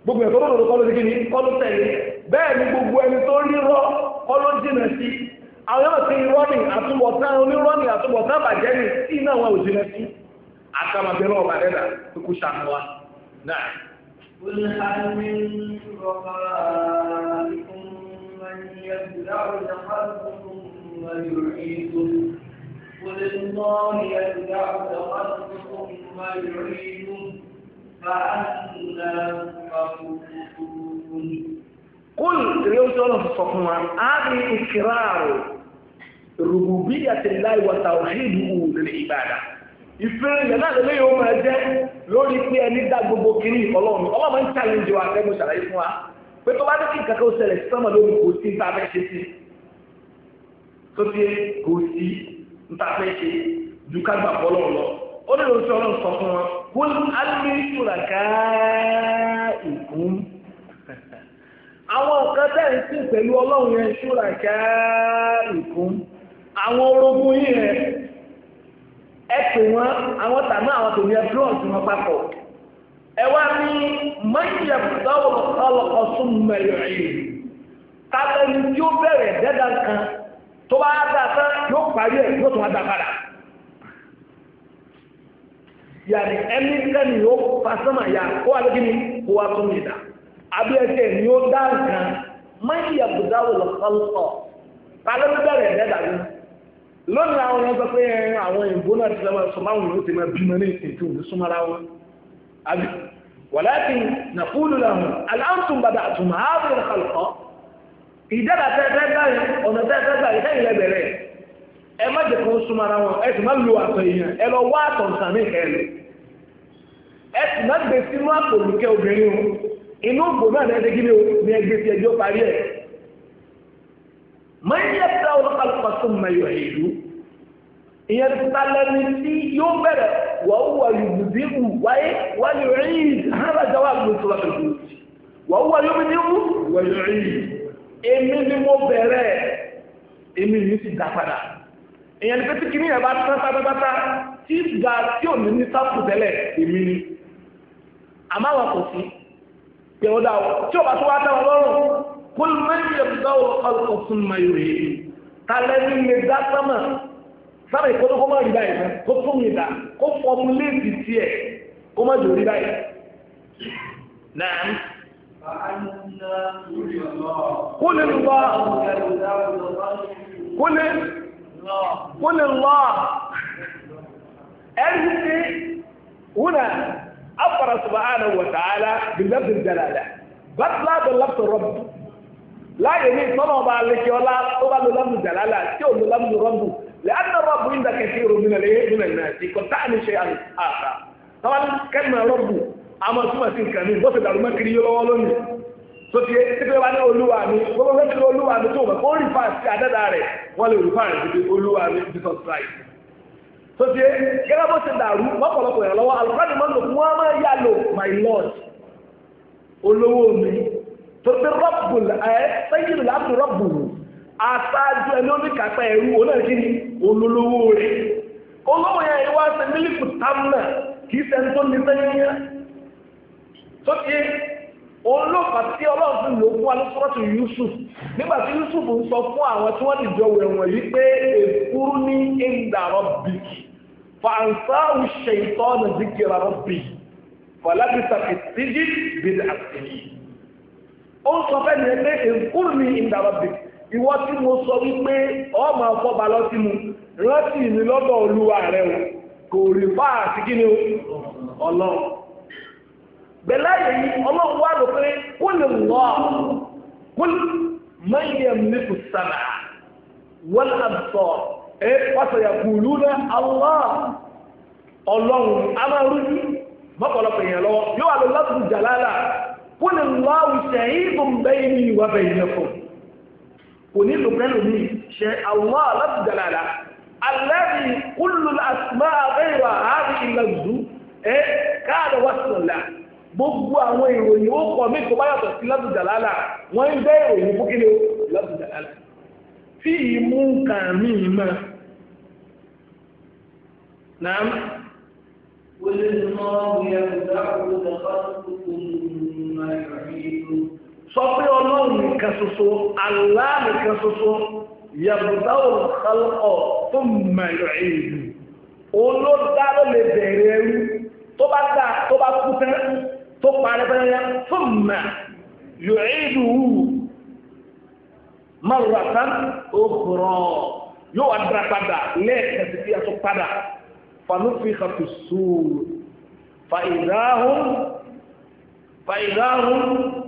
gbogbo èèyàn tó rọ̀ lọ́dọ̀ kọ́ ló ti kíni kọ́ ló tẹ̀lé bẹ́ẹ̀ ni gbogbo ẹni tó rírọ́ kọ́ ló jìnà sí àwọn yóò ti rọ́ọ̀nì àtúbọ̀tán onírọ́ọ̀nì àtúbọ̀tán bàjẹ́ ni tí iná wọn ò jìnà sí àtàmàbẹ̀rẹ̀ ọ̀bà dẹ́dà tó kú sàmúwa náà. قل الله يبدأ اليوم سؤال في الصفوان هذه إكرار ربوبية الله وتوحيده للعبادة ìfẹ́ لنا لما يوم yóò لو jẹ́ lórí pé ẹni dá gbogbo kiri ọlọ́run ọlọ́run ń pé tó bá ní kí nǹkan kan ó ṣẹlẹ̀ sí sọ́mọ̀ lórí kò sí níta fẹ́ ṣe sí tó ti kò sí níta fẹ́ ṣe ju ká gbà bọ́ lọ́wọ́ lọ ó ní lóṣù ọlọ́run sọ fún wọn kó alùpùpù rà ká ìkún àwọn nǹkan tẹ̀ ń sìn pẹ̀lú ọlọ́run yẹn ṣúra ká ìkún àwọn orogún yìí rẹ̀ ẹ pè wọ́n àwọn tàbí àwọn tòun yẹ búrọ̀sì wọn papọ̀ ẹ ni ní mọ́yìyà bùdáwọ̀ ọlọ́kọ̀ sún mẹ́lẹ̀ yìí kálẹ́ni tí ó bẹ̀rẹ̀ dẹ́dà kan tó bá dà tán yóò parí ẹ̀ yóò tún wá dà padà yàrá ẹni sẹ́ni yóò fa yá kó wà lókè ní kó wà tún yìí dà àbí ẹsẹ̀ ni ó dá nǹkan mọ́yìyà bùdáwọ̀ ọlọ́kọ̀ kálẹ́ni bẹ̀rẹ̀ dẹ́dà kan lónìí àwọn yẹn sọ pé àwọn ìbónà ti sọ máa wùn ó ti máa bímọ ní ètò ìsúnmọ́ra wọn àbí walakin naqulu lahum aláǹtùn bàbá àtùmọ̀ ààbò kàlùkọ́ ìdára tẹ́tẹ́ báyìí ọ̀nà tẹ́tẹ́ báyìí sẹ́yìn lẹ́bẹ̀rẹ̀ ẹ má jẹ́ kó súnmọ́ ara wọn ẹ sì má lo àtọ̀ èèyàn ẹ lọ wá àtọ̀ sàmì kẹlẹ̀ ẹ sì má gbé sínú àpò nìkẹ́ obìnrin o inú ògbò náà lẹ́sẹ̀ kí ni o ní ẹgbẹ́ ti ẹjọ́ parí ẹ̀. mọ̀ ní ẹ̀ta ọlọ́kàlùkọ̀ sún mọ́ ẹ̀yọ̀ ẹ̀yọ̀ ìyẹn talẹ́ni tí yóò bẹ̀rẹ̀ wọ́wọ́ yìí wù wáyé wáyé rí hàrá jáwá gbèsè wà lójú wọ́wọ́ yóò bí wù wáyé rí èmi ni mo bẹ̀rẹ̀ èmi yìí ti dá padà ìyẹn pété kìíní yẹn bá tán pátápátá tí ga tí ò ní ní sáfù tẹ́lẹ̀ èmi ni àmọ́ àwọn kò sí yẹ̀wò dà tí o bá tó wá tẹ̀ lọ́rùn kó lóyún yẹn bí dáwọ́ ọ̀sùn mayọ̀ yìí lè dá sọ́mọ̀ sábà ìkọ́tọ́ kó má rí báyìí fún kó tún mi dà kó fọmúléètì tiẹ̀ kó má jò rí báyìí. náà kó lè lọ kó lè kó lè lọ ẹni tí wúna afara subhanahu wa ta'ala bilabdi jalala batla bilabdi rabbi láyé ní ìtọ́nà ọba alẹ́kẹ́ ọlá tó bá lo lámù jalala tí ò lo lámù rọ́bù لأن الرب عند كثير من من الناس قد تعني شيئا آخر طبعا كلمة رب àmọ́ túmọ̀ sí nǹkan mi bó ṣe dàrú mọ́ kiri yó lọ́wọ́ lónìí tó ti ṣípẹ́ bá ní olúwa mi gbogbo fẹ́ ti olúwa mi tó wọ̀ kó rí fà sí àdáda rẹ̀ wọ́n lè rí fà rẹ̀ síbi olúwa mi Jesus Christ tó ti gẹ́gẹ́ bó ṣe dàrú mọ́pọ̀lọpọ̀ yẹn lọ́wọ́ alùpàdé máa ń lò fún wọn máa yà lò my lord olówó mi tó ti rọ́bù ẹ sẹ́yìn láti rọ́bù mi aṣáájú ẹni ó ní kápá ẹrú onáàkí ni olólówó rẹ̀ olówó yẹn ìwá ṣe mílíkù támnà kì í ṣe ń tó ní sẹ́yìn tó ti olóòfà tí ọlọ́run fi fún alúsọ́tù Yusuf nígbà tí Yusuf ń sọ fún àwọn tí wọ́n dìjọ wẹ̀wọ̀n yìí pé èkúrú ní ìdàrọ̀ bìkì fàǹsáwù ṣèǹtọ́ ọ̀nà dìkìrà rọ̀ bìkì fọlábìsà fìtíjì bìdà àtìlì ó ń sọ fẹ́ni ẹgbẹ́ èkúrú ní ìdàrọ̀ bìkì ìwọ tí mo sọ wípé ọmọ ọfọba lọtí mu rántí mi lọ́dọ̀ olúwa rẹ o kò rí bá àti kí ni o Ọlọ́run bẹlẹ yìí Ọlọ́run wà ló pé kó lè wọ kó mẹyẹ mi kò sára wọn àbùsọ ẹ pàṣẹ yàgùlù náà àwọn Ọlọ́run amárúdú mọ́kànlọ́pọ̀ èèyàn lọ́wọ́ yóò wà lọ lọ́sùn jàlálà kó lè wọ́n àwùjẹ ìdùn bẹ́ẹ̀ ni ìwà bẹ́ẹ̀ yẹn fún un kò ní lò pẹ́lú mi ṣe àwọn alábùdàlàlà aláàbí kúlù àtúmọ̀ abẹ́rẹ́ àárí ìlànà ẹ káàdọ̀ wá sọ̀lá gbogbo àwọn ìròyìn ó kọ̀ mí tó bá yàtọ̀ sí lábùdàlàlà wọ́n ń bẹ́ ìròyìn fúkìlẹ̀ lábùdàlàlà fi ìmú nǹkan mi mọ́ náà قل الله يبدأ تخلقكم ما يعيدكم sọ pé ọlọ́run nìkan ṣoṣo Allah nìkan ṣoṣo yabudawò kálọ̀ tó mẹ̀rọ èlù olódàlọ́ lè bẹ̀rẹ̀ ẹrú tó bá dà tó bá kú tán tó parẹ́ pẹ́rẹ́ tó mẹ̀ yọ èlù marratan ukhra yóò wá dára padà lẹ́ẹ̀kẹsì tí a tó padà fanufi hafi sùúrù fa ìdáhùn fa ìdáhùn.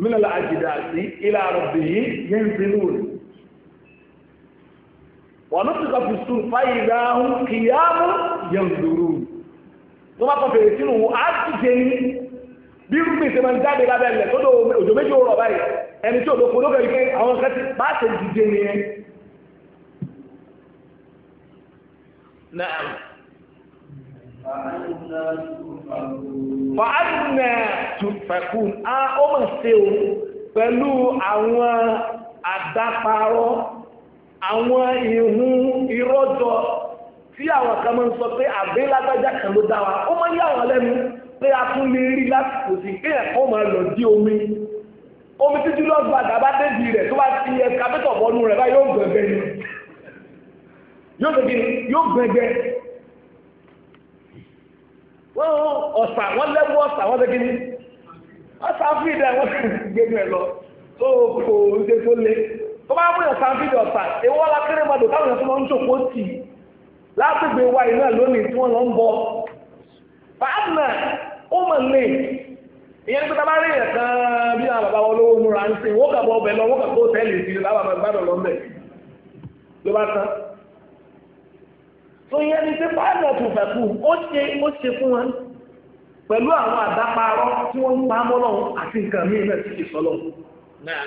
من الأجداث إلى ربه ينزلون ونفق في السور فإذا هم قيام ينظرون wọ́n bá kọfẹ́ sínú àtúnṣe ní bí rúgbìn ṣe máa ń jáde lábẹ́ ilẹ̀ tó lò òjò méjì ó rọ̀ báyìí ẹni tí òdòkó lókè wípé àwọn kan ti bá ṣe dìde nìyẹn. náà fàánà tùfẹ̀kùn á ó mọ̀ sí o pẹ̀lú àwọn àdáparọ́ àwọn ìhun ìrọ́jọ tí àwọn kan máa ń sọ pé àbí lágbájá kan ló dá wa ó máa ń yà wọ́n lẹ́nu pé a tún lè rí láti kò sí pé ẹ̀kọ́ lọ dí omi omi títí lọ́gbà àdàbà débi rẹ̀ tó bá ti ẹ̀ka pẹ́tọ̀ bọ́nú rẹ̀ báyìí yóò gbẹ̀gbẹ̀ ni yóò gbẹ̀gbẹ̀ wọ́n ọ̀sà wọ́n lẹ́wọ́ ọ̀sà wọ́n tẹ́kí ní ọ̀sà fìdí àwọn gbẹ̀gbẹ̀ ẹ̀ lọ tó kò ń ṣe tó lé tó bá mú ọ̀sà fìdí ọ̀sà ìwọ́ la kéré mọ́tò táwọn ẹ̀sùn máa ń ṣòkó tì látìgbè wa ìlú ẹ̀ lónìí tí wọ́n lọ ń bọ. fàánà ó mọ̀ lè ìyẹn pé tábà rí ẹ̀kan bí àwọn bàbá wọn lówó múra ń sìn wọ́n kà bọ́ ọbẹ̀ lọ wọ́n kà bó tẹ́lẹ̀ sí tó yẹ ni pé fáànù ọ̀túnfẹ̀kù ó ṣe ó ṣe fún wọn pẹ̀lú àwọn àdáparọ́ tí wọ́n ń pa á mọ́lọ́ àti nǹkan mí náà ti ṣe sọ́lọ́ náà.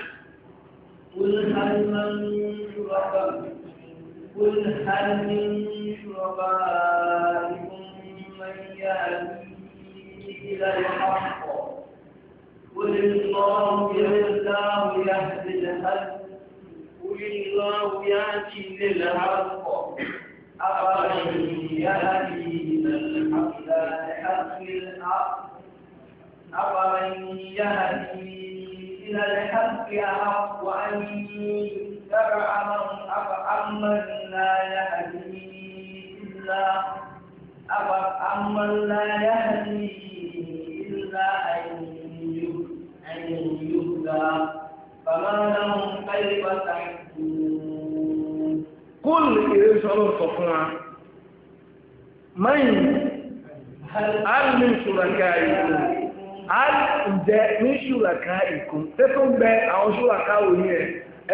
قل الله الله يهدي الحق قل الله يهدي للحق أفمن يهدي من حول الحق الأرض أفمن يهدي إلى الحق أحق أن يتبع من أفأمن لا يهدي إلا أفأمن لا يهدي إلا أن يهدى فما لهم كيف تحكم kóòlù ìrè sọ̀rọ̀ sọ fún wa mẹ́yìn alì ṣùlàkà ìkùn alì ǹjẹ́ ní ṣùlàkà ìkùn tẹ́tún bẹ àwọn ṣùlàkà òní ẹ̀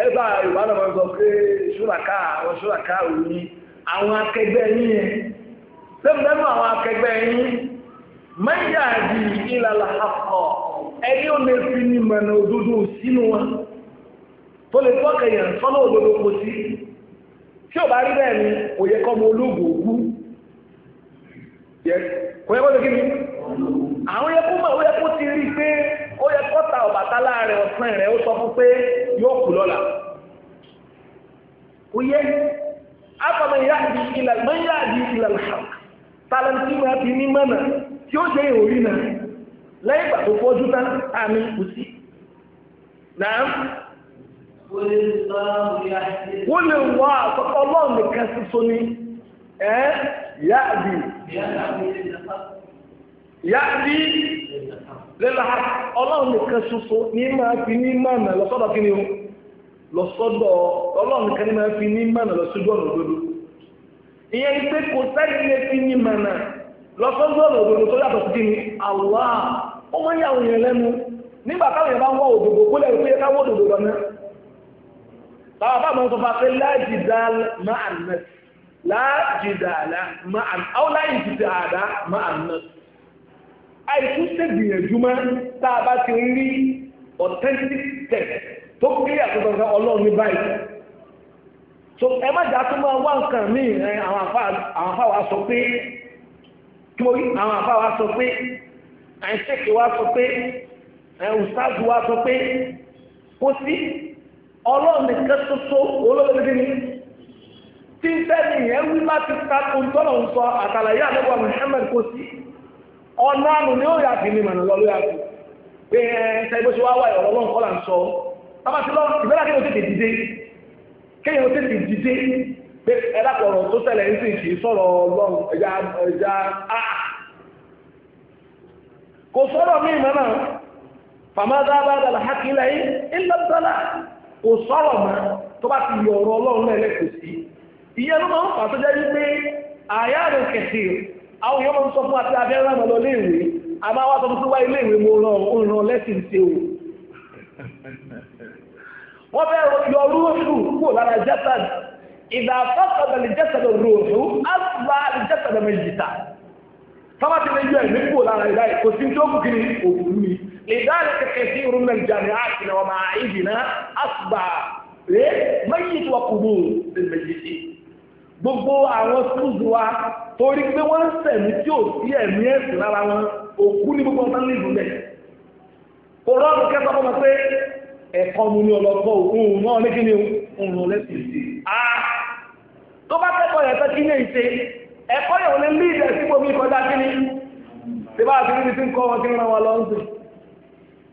ẹ bá ìwádìí wọn sọ pé ṣùlàkà àwọn ṣùlàkà òní àwọn akẹgbẹ́ yín yẹn tẹ́tún bẹ́ẹ̀ fún àwọn akẹgbẹ́ yín mẹ́yìn àdì ìlàlà àkọ́ ẹni ò lè fi ní mọ̀nà òdodo sínú wọn tó lè tọ́kẹ̀yàn sọ́nà òdodo kò sí tí o bá rí bẹ́ẹ̀ ni kò yẹ kọ́ ọmọ ológun òkú kò yẹ kó ṣe kí ni àwọn yẹ kó mọ̀ ó yẹ kó ti rí i pé ó yẹ kó ta Ọbàtálá rẹ̀ ọ̀sán rẹ̀ ó sọ fún pé yóò kú lọ́la kò yẹ afọmọ yáàdì ìlà mọ yáàdì ìlà lọ́la talẹ́ntì máa fi ní mọ́nà tí ó ṣe ìròyìn náà lẹ́yìn ìgbà tó fọ́jú tán àmì kùsì náà. wọ́n lè wá àkọ́kọ́ ọlọ́run nìkan ṣoṣo ni ẹ́ yáàbí yáàbí lẹ́la ọlọ́run nìkan ṣoṣo ní máa fi ní mọ̀nà lọ́sọ́dọ̀ kí ni o lọ́sọ́dọ̀ ọlọ́run nìkan ní máa fi ní mọ̀nà lọ́sọ́dọ̀ òdodo ìyẹn pé kò sẹ́yìn lè fi ní mọ̀nà lọ́sọ́dọ̀ òdodo tó yàtọ̀ sí kí ni Allah ó mọ̀ ya yẹn lẹ́nu nígbà táwọn yẹn bá ń wá òdodo kó lẹ́yìn ya ká báwa bá mọ̀ tó bá pé láàjìdàl máa nà láàjìdàlà máa nà àwọn láàjìdàlà máa nà àìkú ṣègbìyànjú mọ́ tá a bá ti rí authentic text tó kílíà tó tọ́ka ọlọ́run ní báyìí so ẹ má jà tó máa wá nǹkan míì àwọn àfa wa sọ pé kí mo rí àwọn àfa wa sọ pé àìsèkè wa sọ pé ẹ̀ ọ̀sáàdù wa sọ pé kó sí ọlọ́run nìkan ṣoṣo olóògbé ní tí sẹ́ni yẹn wí bá ti ta kó tọ́lọ̀ àtàlàyé àlẹ́wà Muhammad kò sí ọ̀nà àmì ni ó yà fi ní mànà lọ́lọ́ yà fi pé ẹ ṣe bó ṣe wá wà ìrọ̀lọ́ ọlọ́run kọ́ là ń sọ tábàtí lọ ìbẹ́lá kéèyàn tètè dìde kéèyàn tètè dìde pé ẹ dàpọ̀ ọ̀rọ̀ tó ṣẹlẹ̀ ń sìn kì sọ̀rọ̀ ọlọ́run ẹja ẹja a kò sọ̀rọ̀ kò sọ̀rọ̀ mọ́ tó bá ti yọ ọ̀rọ̀ ọlọ́run lẹ́lẹ́ kò sí ìyẹn ló máa ń fà tó jẹ́ wípé àyà rẹ̀ kẹ̀sì àwọn èèyàn máa ń sọ fún wa pé abẹ́ rán lọ léèwé àmọ́ wa sọ fún wa iléèwé mo ràn ó ràn lẹ́sìn ṣe o wọ́n fẹ́ yọ rúùsù kúrò lára jẹ́sàd ìgbà fọ́kànlẹ̀ lè jẹ́sàd rúùsù àgbà lè jẹ́sàd méjìlá tọ́wọ́ ti lè yọ ẹ̀mí kúrò lára ìdáyìí kò tó kù kiri òkú mi. لذلك كثير من الجامعات ومعاهدنا أصبح ميت وقبور للميتين gbogbo àwọn schools wa torí pé wọ́n ń sẹ̀mí tí ò sí ẹ̀mí ẹ̀sìn lára wọn òkú ní gbogbo ọ̀tán nílùú lẹ̀ kò rọ́ọ̀nù kẹta ọmọ pé ẹ̀kọ́ mu ni ọlọ́gbọ́ òun náà ní kí ni òun lẹ́sìn sí i. tó bá kẹ́kọ̀ọ́ yẹn tán ní ìṣe ẹ̀kọ́ yẹn ò ní líìdẹ̀ sí gbogbo ìkọjá kí ni. bí bá a ti rí ibi tí ń kọ́ wọn kí ń ran wọn lọ́ọ́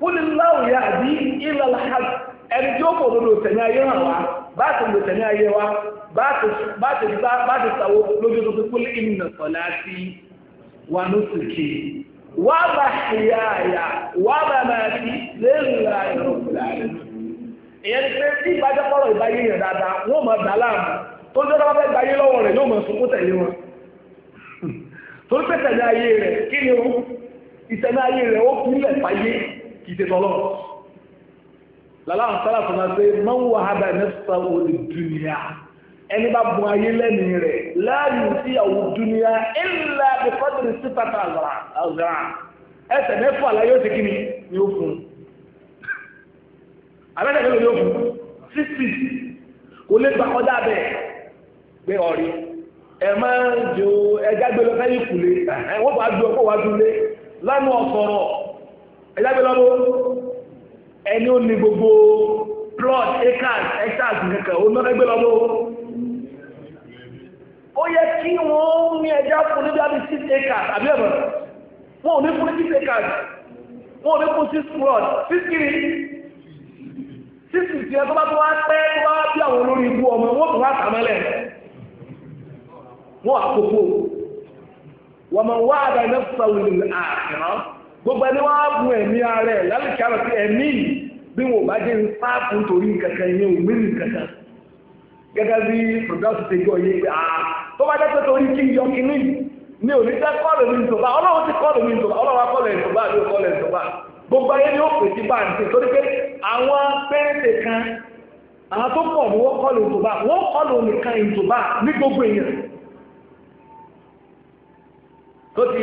kúlíláwù yà bí ìlàlá ẹni tí ó kò lòdò tẹ̀lé ayé hàn wá bá ti lò tẹ̀lé ayé wa bá ti sàwó lójú tó kúl inna salati wa nusuki wa mahyaya wa mamati lillahi rabbil alamin ìyẹn ti pé tí ìbájọ́ kọ́rọ̀ ìbáyé yẹn dáadáa wọ́n mọ̀ dá láàmú tó ń dọ́dọ́ bá fẹ́ gbáyé lọ́wọ́ rẹ̀ yóò mọ̀ sunkún tẹ̀lé wọn torí pé tẹ̀lé ayé rẹ̀ kí ni ó ìtẹ̀lé ayé rẹ̀ ó kúlẹ̀ fàyé kì í ṣe tọ́lọ́ lálá àwọn sálà fún wa pé man wahaba nafsahu lid-dunya ẹni bá bu ayé lẹ́mìí rẹ̀ la yu'tihi dunya illa bi qadri sítàtà àzàrà ẹsẹ̀ mẹ́fà la yóò ṣe kí ni yóò fún un abẹ́rẹ́ mélòó yóò fún un sixty kò lè gbà kọjá bẹ́ẹ̀ gbé ọ̀rí ẹ máa ń jò ẹja gbé lọ fẹ́ yìí kù lé ẹ wọ́n bá ju ọkọ̀ wá dúlé lánàá ọ̀sọ̀rọ̀ ẹ̀dágbé ẹni ó ní gbogbo plot acres hectares nìkan ó náà ẹgbẹ́ ó yẹ kí wọ́n ní fún níbi àbí six acres àbí ò ní fún six acres ò ní fún six plot six kiri six kiri ẹ̀ tó bá tó wá pẹ́ tó bí àwọn olórí ibú ọmọ wá àkókò wọ́n mọ̀ wá àdáyé náà sọ̀rọ̀ gbogbo ẹni wá mú ẹ̀mí ara ẹ̀ lálùkí àrọ̀ sí ẹ̀mí bí wọn ò bá jẹ́ páàpù torí kankan yẹn ò mérì kankan gẹ́gẹ́ bí prọdọ́sì ti gbọ́ yé pé àá tó bá jẹ́ pé torí kí n yọ kínní mi ò ní fẹ́ kọ́ọ̀lù mi ìtòbá ọlọ́run ti kọ́ọ̀lù mi ìtòbá ọlọ́run kọ́ọ̀lù ìtòbá àbí kọ́ọ̀lù ìtòbá gbogbo ayé ni ó pè sí báńkì torí pé àwọn péréte kan àwọn tó pọ̀ ní wọ́n kọ́ọ̀lù ìtòbá wọ́n kọ́ọ̀lù nìkan ìtòbá ní gbogbo èèyàn tó ti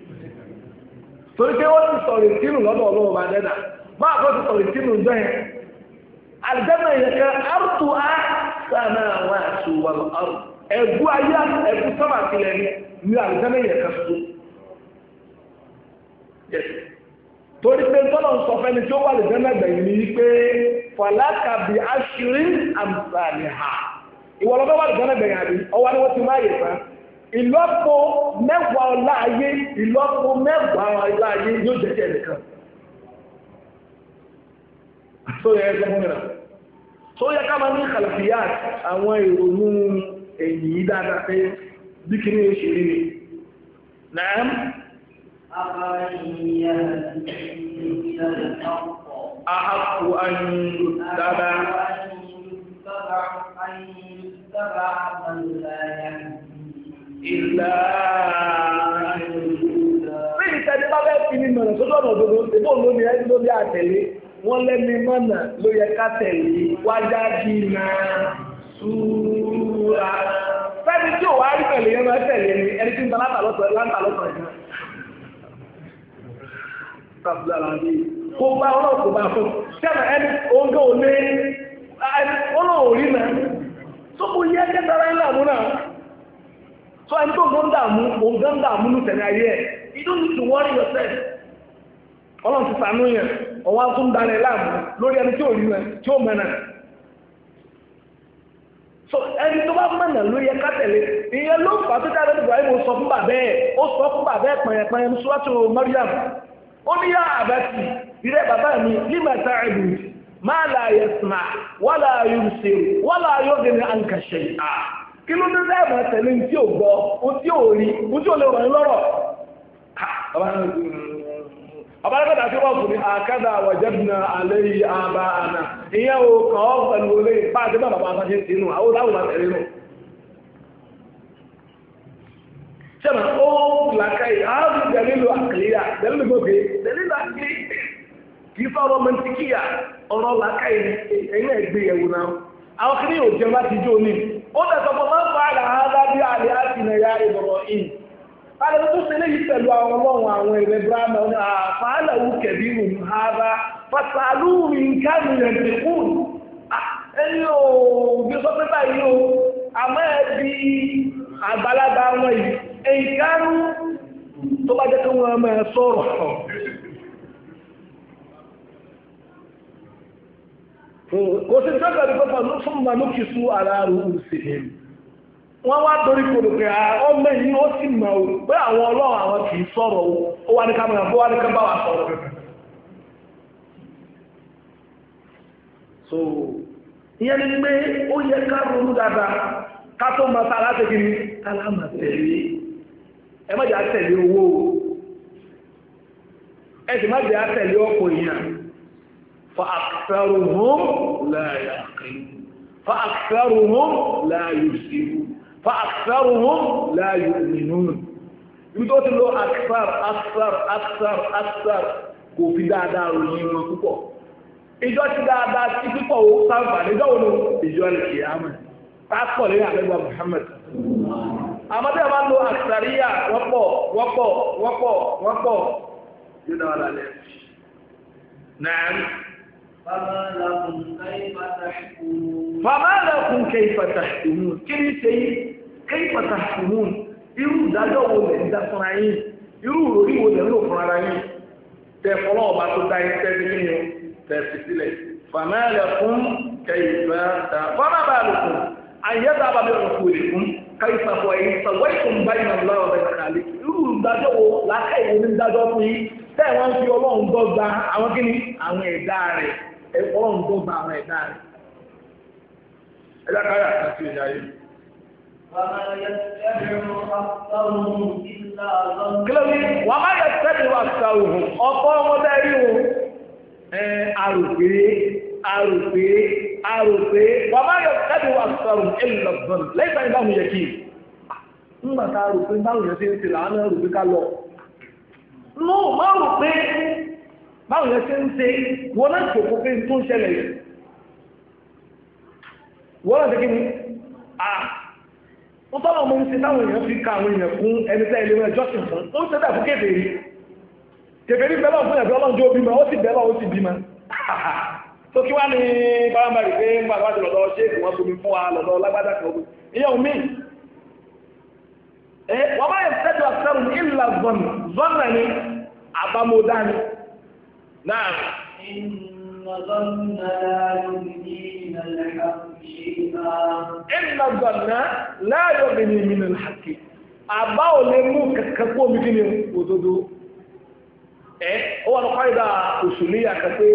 torí pé wọ́n ti sọ̀rọ̀ ìkírù lọ́dọ̀ ọlọ́run bá dẹ́nà máa kọ́ ti sọ̀rọ̀ ìkírù ń bẹ́ẹ̀ àlùjánnà yẹn kan àrùtù á sànà àwọn àṣù wà lọ àrù ẹ̀bú ayé ẹ̀bú sọ́mà tilẹ̀ ni ní àlùjánnà yẹn kan tó. torí pé tọ́lọ̀ ń sọ fẹ́ni tí ó wà àlùjánnà gbẹ̀yìn ni pé ha ìlọ́po mẹ́wàá ọlá ayé ìlọ́po mẹ́wàá ọlá ayé yóò jẹ́ kí ẹnìkan tó yẹ ẹgbẹ́ mìíràn tó yẹ ká máa ní kàlàfíà àwọn ìrònú èyí dáadáa pé bí kí ní oṣù rí ni nàám. Ahapu anyi dada. Ahapu anyi dada ìlà bí ìtẹ́jú bá fẹ́ fi ní mọ̀nà sójú ọ̀nà òdodo ìbò lómi ẹni lómi àtẹ̀lé wọ́n lẹ́ni mọ̀nà ló yẹ ká tẹ̀lé wájá bí na súra. fẹ́ni tí ò wá rí pẹ̀lú yẹn máa tẹ̀lé ni ẹni tí ń ta láǹtà lọ́sọ̀ọ́ láǹtà lọ́sọ̀ọ́ yẹn. kó bá ọlọ́run kó bá fún un sẹ́nu ẹni oúnjẹ òní ẹni olóòrí náà tó kù yẹ kẹta rẹ̀ ńlá mú náà. so ẹni tó gbọ́n dààmú òun gbọ́n dààmú ní tẹ̀lé ayé you don't need to worry yourself ti sànú yẹn ọwọ́ dalẹ̀ láàmú lórí ẹni tí ò rí tí mẹ́nà so ẹni tó bá mẹ́nà Mariam ó ní yá bàbá mi lima wala wala anka kí ló dé sáàmù àtẹ̀lé ní tí ò gbọ́ ohun tí ò rí ohun tí ò lè ràn lọ́rọ̀ ọba alákàtà tí wọ́n fún mi àkàdà àwọ̀jẹ́bìnà alẹ́ yìí àbá àná ìyẹn o ọ́ pẹ̀lú olè pàṣẹ bàbá bàbá ṣe sínú àwọn tẹ̀lé nù. ó kì í fọ́ ọ̀rọ̀ ọ̀rọ̀ ẹ̀yìn náà àwọn kìnìún ò o dàtọ̀ mọ́ máa ń fa àlà àádá bí ya àti ii ìbọ̀rọ̀ ìn alẹ́ tó ṣe léyìí pẹ̀lú àwọn ọlọ́run àwọn ha brahma ní àfàálà wù kẹ̀bí nke ní ààbá pàtàlù mi nǹkan mi rẹ̀ o O hmm, sí tọ́ka ní pápá fún ma ló kí sú ara rúurú sí wọn wá torí kòròkè ah, ọmọ yìí ó sì mọ̀ ọ́ pé àwọn ọlọ́run àwọn kì í sọ̀rọ̀ ó wá ní ká mọ̀ wá ní ká bá so ìyẹn ni pé ó yẹ ká ronú dáadáa ká tó máa ta alátẹ̀kí ni فأكثرهم لا يعقلون فأكثرهم لا يبصرون فأكثرهم لا يؤمنون nítorí ti lo aksar aksar aksar aksar kò fi dáadáa ròyìn wọn púpọ̀ ìjọ ti dáadáa sí púpọ̀ ó sáfà níjọ́ wo ni ìjọ lè kì í àmì pásítọ̀ lórí àgbẹ̀gbà Muhammad àmọ́tẹ́ máa ń lo àkàríyà wọ́pọ̀ wọ́pọ̀ wọ́pọ̀ wọ́pọ̀ yóò dáwọ́ lálẹ́ náà Fama lakum kaifa tahkumun. Fama lakum kaifa tahkumun. Kí ni ṣe yí? Kaifa tahkumun. Irú ìdájọ́ wo lè dá fúnra yín? Irú ìròrí wo lè ń lò fúnra yín? Tẹ fọlọ́ ọba tó dá yín tẹ́sí kí ni o? Tẹ̀sí sílẹ̀. Fama lakum kaifa tahkumun. Fama lakum àyẹ̀dá àbábẹ́ ọ̀pọ̀ ìlẹ̀kùn kaifa fọ ẹ̀yìn sọ̀wọ́ ìkùn báyìí náà lọ́wọ́ bẹ́ẹ̀ kàlí. Irú ìdájọ́ wo làákà ìwé ní ìdájọ́ fún yín? Tẹ́ ọlọ́run tó gba àwọn ẹ̀dá rẹ̀ ẹ̀dá káyà àti ìyá yìí. kílódé wà má yẹ sẹ́ni wà sàwùhù ọ̀pọ̀ ọmọdé yìí o àròpé àròpé àròpé wà má yẹ sẹ́ni wà sàwùhù ẹ̀lọ́gbọ̀n lẹ́yìn báyìí báwọn yẹ kí ńgbà tá a rò pé báwọn yẹ ti ń ti làwọn náà rò pé ká lọ. nù má rò pé báwo yẹn ṣe ń ṣe wọn náà jòkó pé tó ń ṣẹlẹ̀ yìí wọ́n náà ṣe kí ni à wọ́n tọ́lọ̀ mọ́ ń ṣe táwọn èèyàn fi ka àwọn èèyàn fún ẹni tẹ́ ilé wọn ẹjọ́ sì fún ó ń ṣe bẹ́ẹ̀ fún kébèrè kébèrè bẹ́ẹ̀ lọ́wọ́ fún ẹ̀bí ọlọ́run jó bímọ ó sì bẹ́ẹ̀ lọ́wọ́ ó sì bímọ tó kí wá ní bámbárì pé ń gbàgbá lọ́dọ̀ ṣéèkì wọn bomi fún wa lọ́dọ̀ lágbádá kan ogun ìyẹn omi wọ́n bá yẹ fẹ́ẹ́ tó àṣẹ نعم إن ظن لا يغني من الحق إن الظن لا يغني من الحق àbá ò lè mú kankan kó omi kí ni òdodo ẹ ó wà ní kọ́ìdà òṣèlú yàtọ̀ pé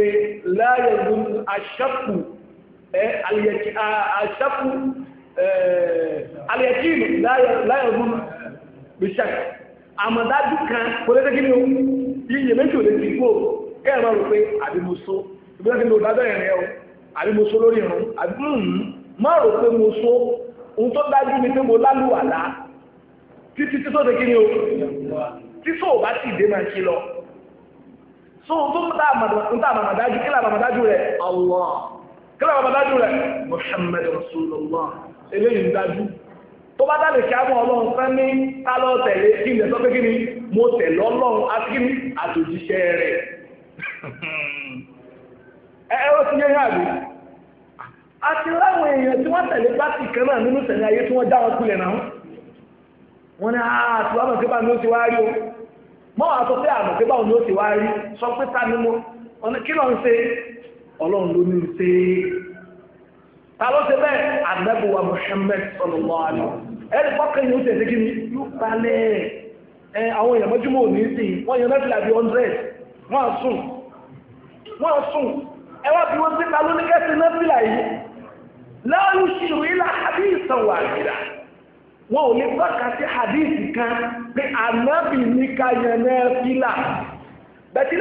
láàyè ló ń aṣẹ́kù ẹ aṣẹ́kù alẹ́kìlù láyọ̀ ọdún bishak kan kò lè tẹ́kí ni ó kẹ́ẹ̀ máa rò pé àbí mo so ìgbà tí mo dájọ́ ìrìn o àbí mo so lórí irun àbí hmm, má rò pé mo so ohun tó dájú ni pé mo lálùwàlá títí títí tó de kí ni o títí ò bá sì dé máa ṣe lọ so ohun tó ń tà àmàdájú kí làwọn àmàdájú rẹ̀ Allah kí làwọn àmàdájú rẹ̀ Muhammad Rasulullah eléyìí ń dájú tó bá dálè kí á mọ ọlọ́run fẹ́ ní tálọ́ tẹ̀lé kí n lè sọ pé kí ni mo tẹ̀lé ọlọ́run àti kí ni àtòjíṣẹ́ rẹ̀ ẹ ó ti ya yàgò àti láwọn èèyàn tí wọ́n tẹ̀lé pátì kan náà nínú tẹ̀lé ayé tí dá wọn kulẹ̀ náà wọ́n ní ah, àti wọ́n mọ̀ pé báwọn ló ti wá rí o mọ́ wàá sọ pé àmọ̀ ah, ti wá rí sọ pé ta ni mo kí ló ń ṣe ọlọ́run ló ní ṣe ta ló ṣe bẹ́ẹ̀ àdẹ́bùwà ẹni pọ́kẹ́ ó kí ni wọ́n sùn wọ́n sùn ẹwà bí wọ́n síta ló ní kẹ́sì náà fìlà yìí láàrú ṣìrò ilá hadith wà nílà wọn ò lè tọ́ka sí hadith kan pé ànábì ní ká yẹn náà láti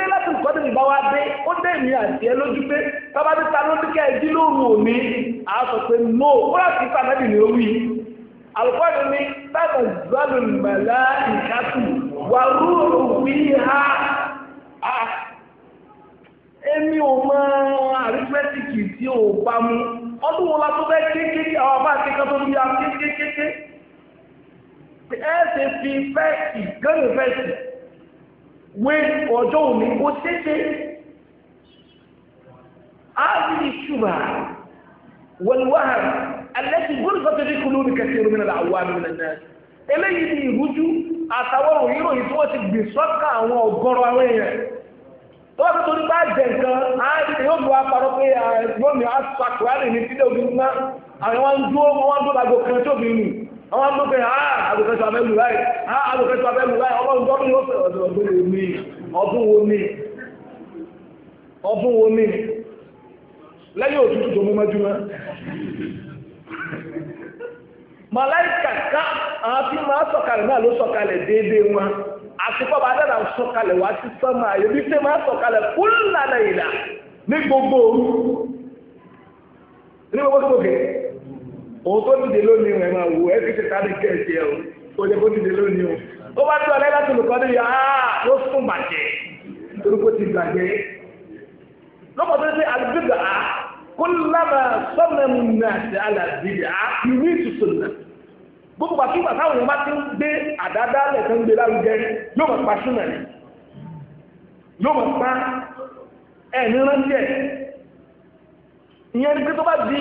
kọ́dé ìgbà wa dé ó dé mi àti ẹ lójú pé bàbá mi ta ló ní ká lóru òní àá pé no ó rà sí sànábì ní orí alùpàdé ni tábà zálùmọ̀lá ìkásù wà rúùrù fi ha Ah, èmi ò mọ àrífẹ́tìkì tí ò bá mú ọdún wọn látó fẹ́ kéékèèké àwọn bá kéka tó ní àwọn kéékèèké ẹ ṣe fi fẹ́ẹ̀tì gẹ́rù fẹ́ẹ̀tì wé ọjọ́ òní kó ṣeéṣe ábìlì ṣùgbà wọlúwàhà alẹ́sì gbọ́dọ̀ sọ́tẹ́ ní kúlú ní kẹsì ìròmìnà àwọn àmìnà náà eléyìí ni ìrújú àtàwọn òyìnbó yìí tí wọ́n ti gbè sọ́kà àwọn ọ̀gọ́rọ̀ àwọn èèyàn tọ́wọ́ tó torí bá jẹ nǹkan á yóò bu apàrọ̀ pé ní fídíò bí mọ́ àwọn wọn dúró wọn dúró kan tó bí nù àwọn tó pé á kan tó lù láì á kan tó lù láì ọlọ́run tó bí yóò fẹ́ ọdún wo àsìkò bá dára sọ̀kalẹ̀ wá sí sánmà ayé bí sẹ máa sọ̀kalẹ̀ kúlà lẹ́yìnlá ní gbogbo òru ní gbogbo sókè òun tó dìde lónìí rẹ máa wò ẹ fi ṣe ká ní kẹsì ẹ o kò jẹ kó dìde lónìí o ó bá tó ọlẹ́ láti lùkọ́ ní yàrá yóò sùn bàjẹ́ torí kó ti gbàgbé lọ́pọ̀ tó ṣe àdúgbò à kúlà máa sọ́nà mu nà sí àlàbí à ìwé ìtùsùn náà gbogbo àti ìgbà táwọn èèyàn bá ti ń gbé àdáadá lẹ̀sẹ̀ ń gbé lárugẹ yóò mọ̀ pa súnà ni yóò mọ̀ pa ẹ̀ní rántí ẹ̀ ìyẹn ní pé tó bá di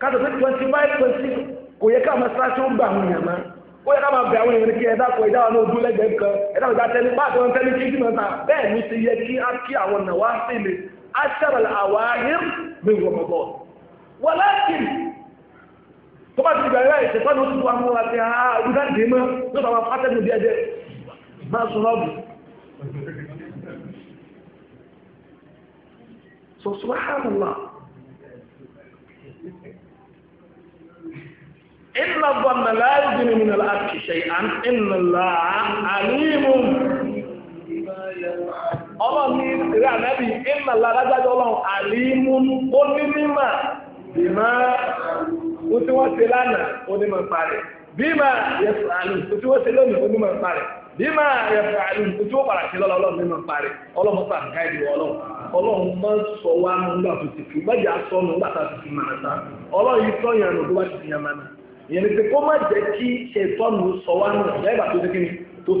kátó pé twenty five twenty kò yẹ ká máa sáṣẹ́ ó gbà àwọn èèyàn máa ó yẹ ká máa bẹ àwọn èèyàn kí ẹ̀dá kọ ẹ̀dá náà dún lẹ́gbẹ̀ẹ́ kan ẹ̀dá wa ìdájẹ́ ní báàtọ̀ ń kí kí máa ta ni ti yẹ kí á kí àwọn nàwa sílẹ̀ á ṣàrà àwa ayé mi wọ̀ mọ̀ bọ̀ wọ́n tó bá ti di bẹ̀rẹ̀ ìṣẹ̀tọ́ ni ó ti wà mú wa ti ha ìdá dè mọ́ tó bá wà pátẹ́nu bí ẹjẹ́ máa sọ lọ́ọ̀bù. sọ subhanallah إن الظن لا يغني من الحق شيئا إن الله ọlọ́run ní ìrẹ́ ànábì ìmọ̀lára wuti tí wọ́n ṣe lánàá onímọ̀ parẹ́ bímà yẹ fàálù ohun tí wọ́n ṣe lónìí onímọ̀ parẹ́ bímà yẹ fàálù tí wọ́n padà ṣe lọ́la ọlọ́run onímọ̀ parẹ́ ọlọ́run sàn káìdì wọ ọlọ́run ti fi ti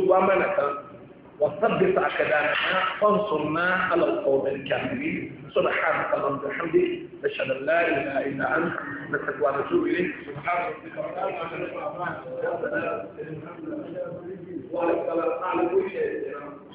وثبت أقدامنا وانصرنا على القوم الكاملين سبحانك اللهم وبحمدك نشهد أن لا إله إلا أنت نستغفرك ونتوب إليك سبحانك اللهم وبحمدك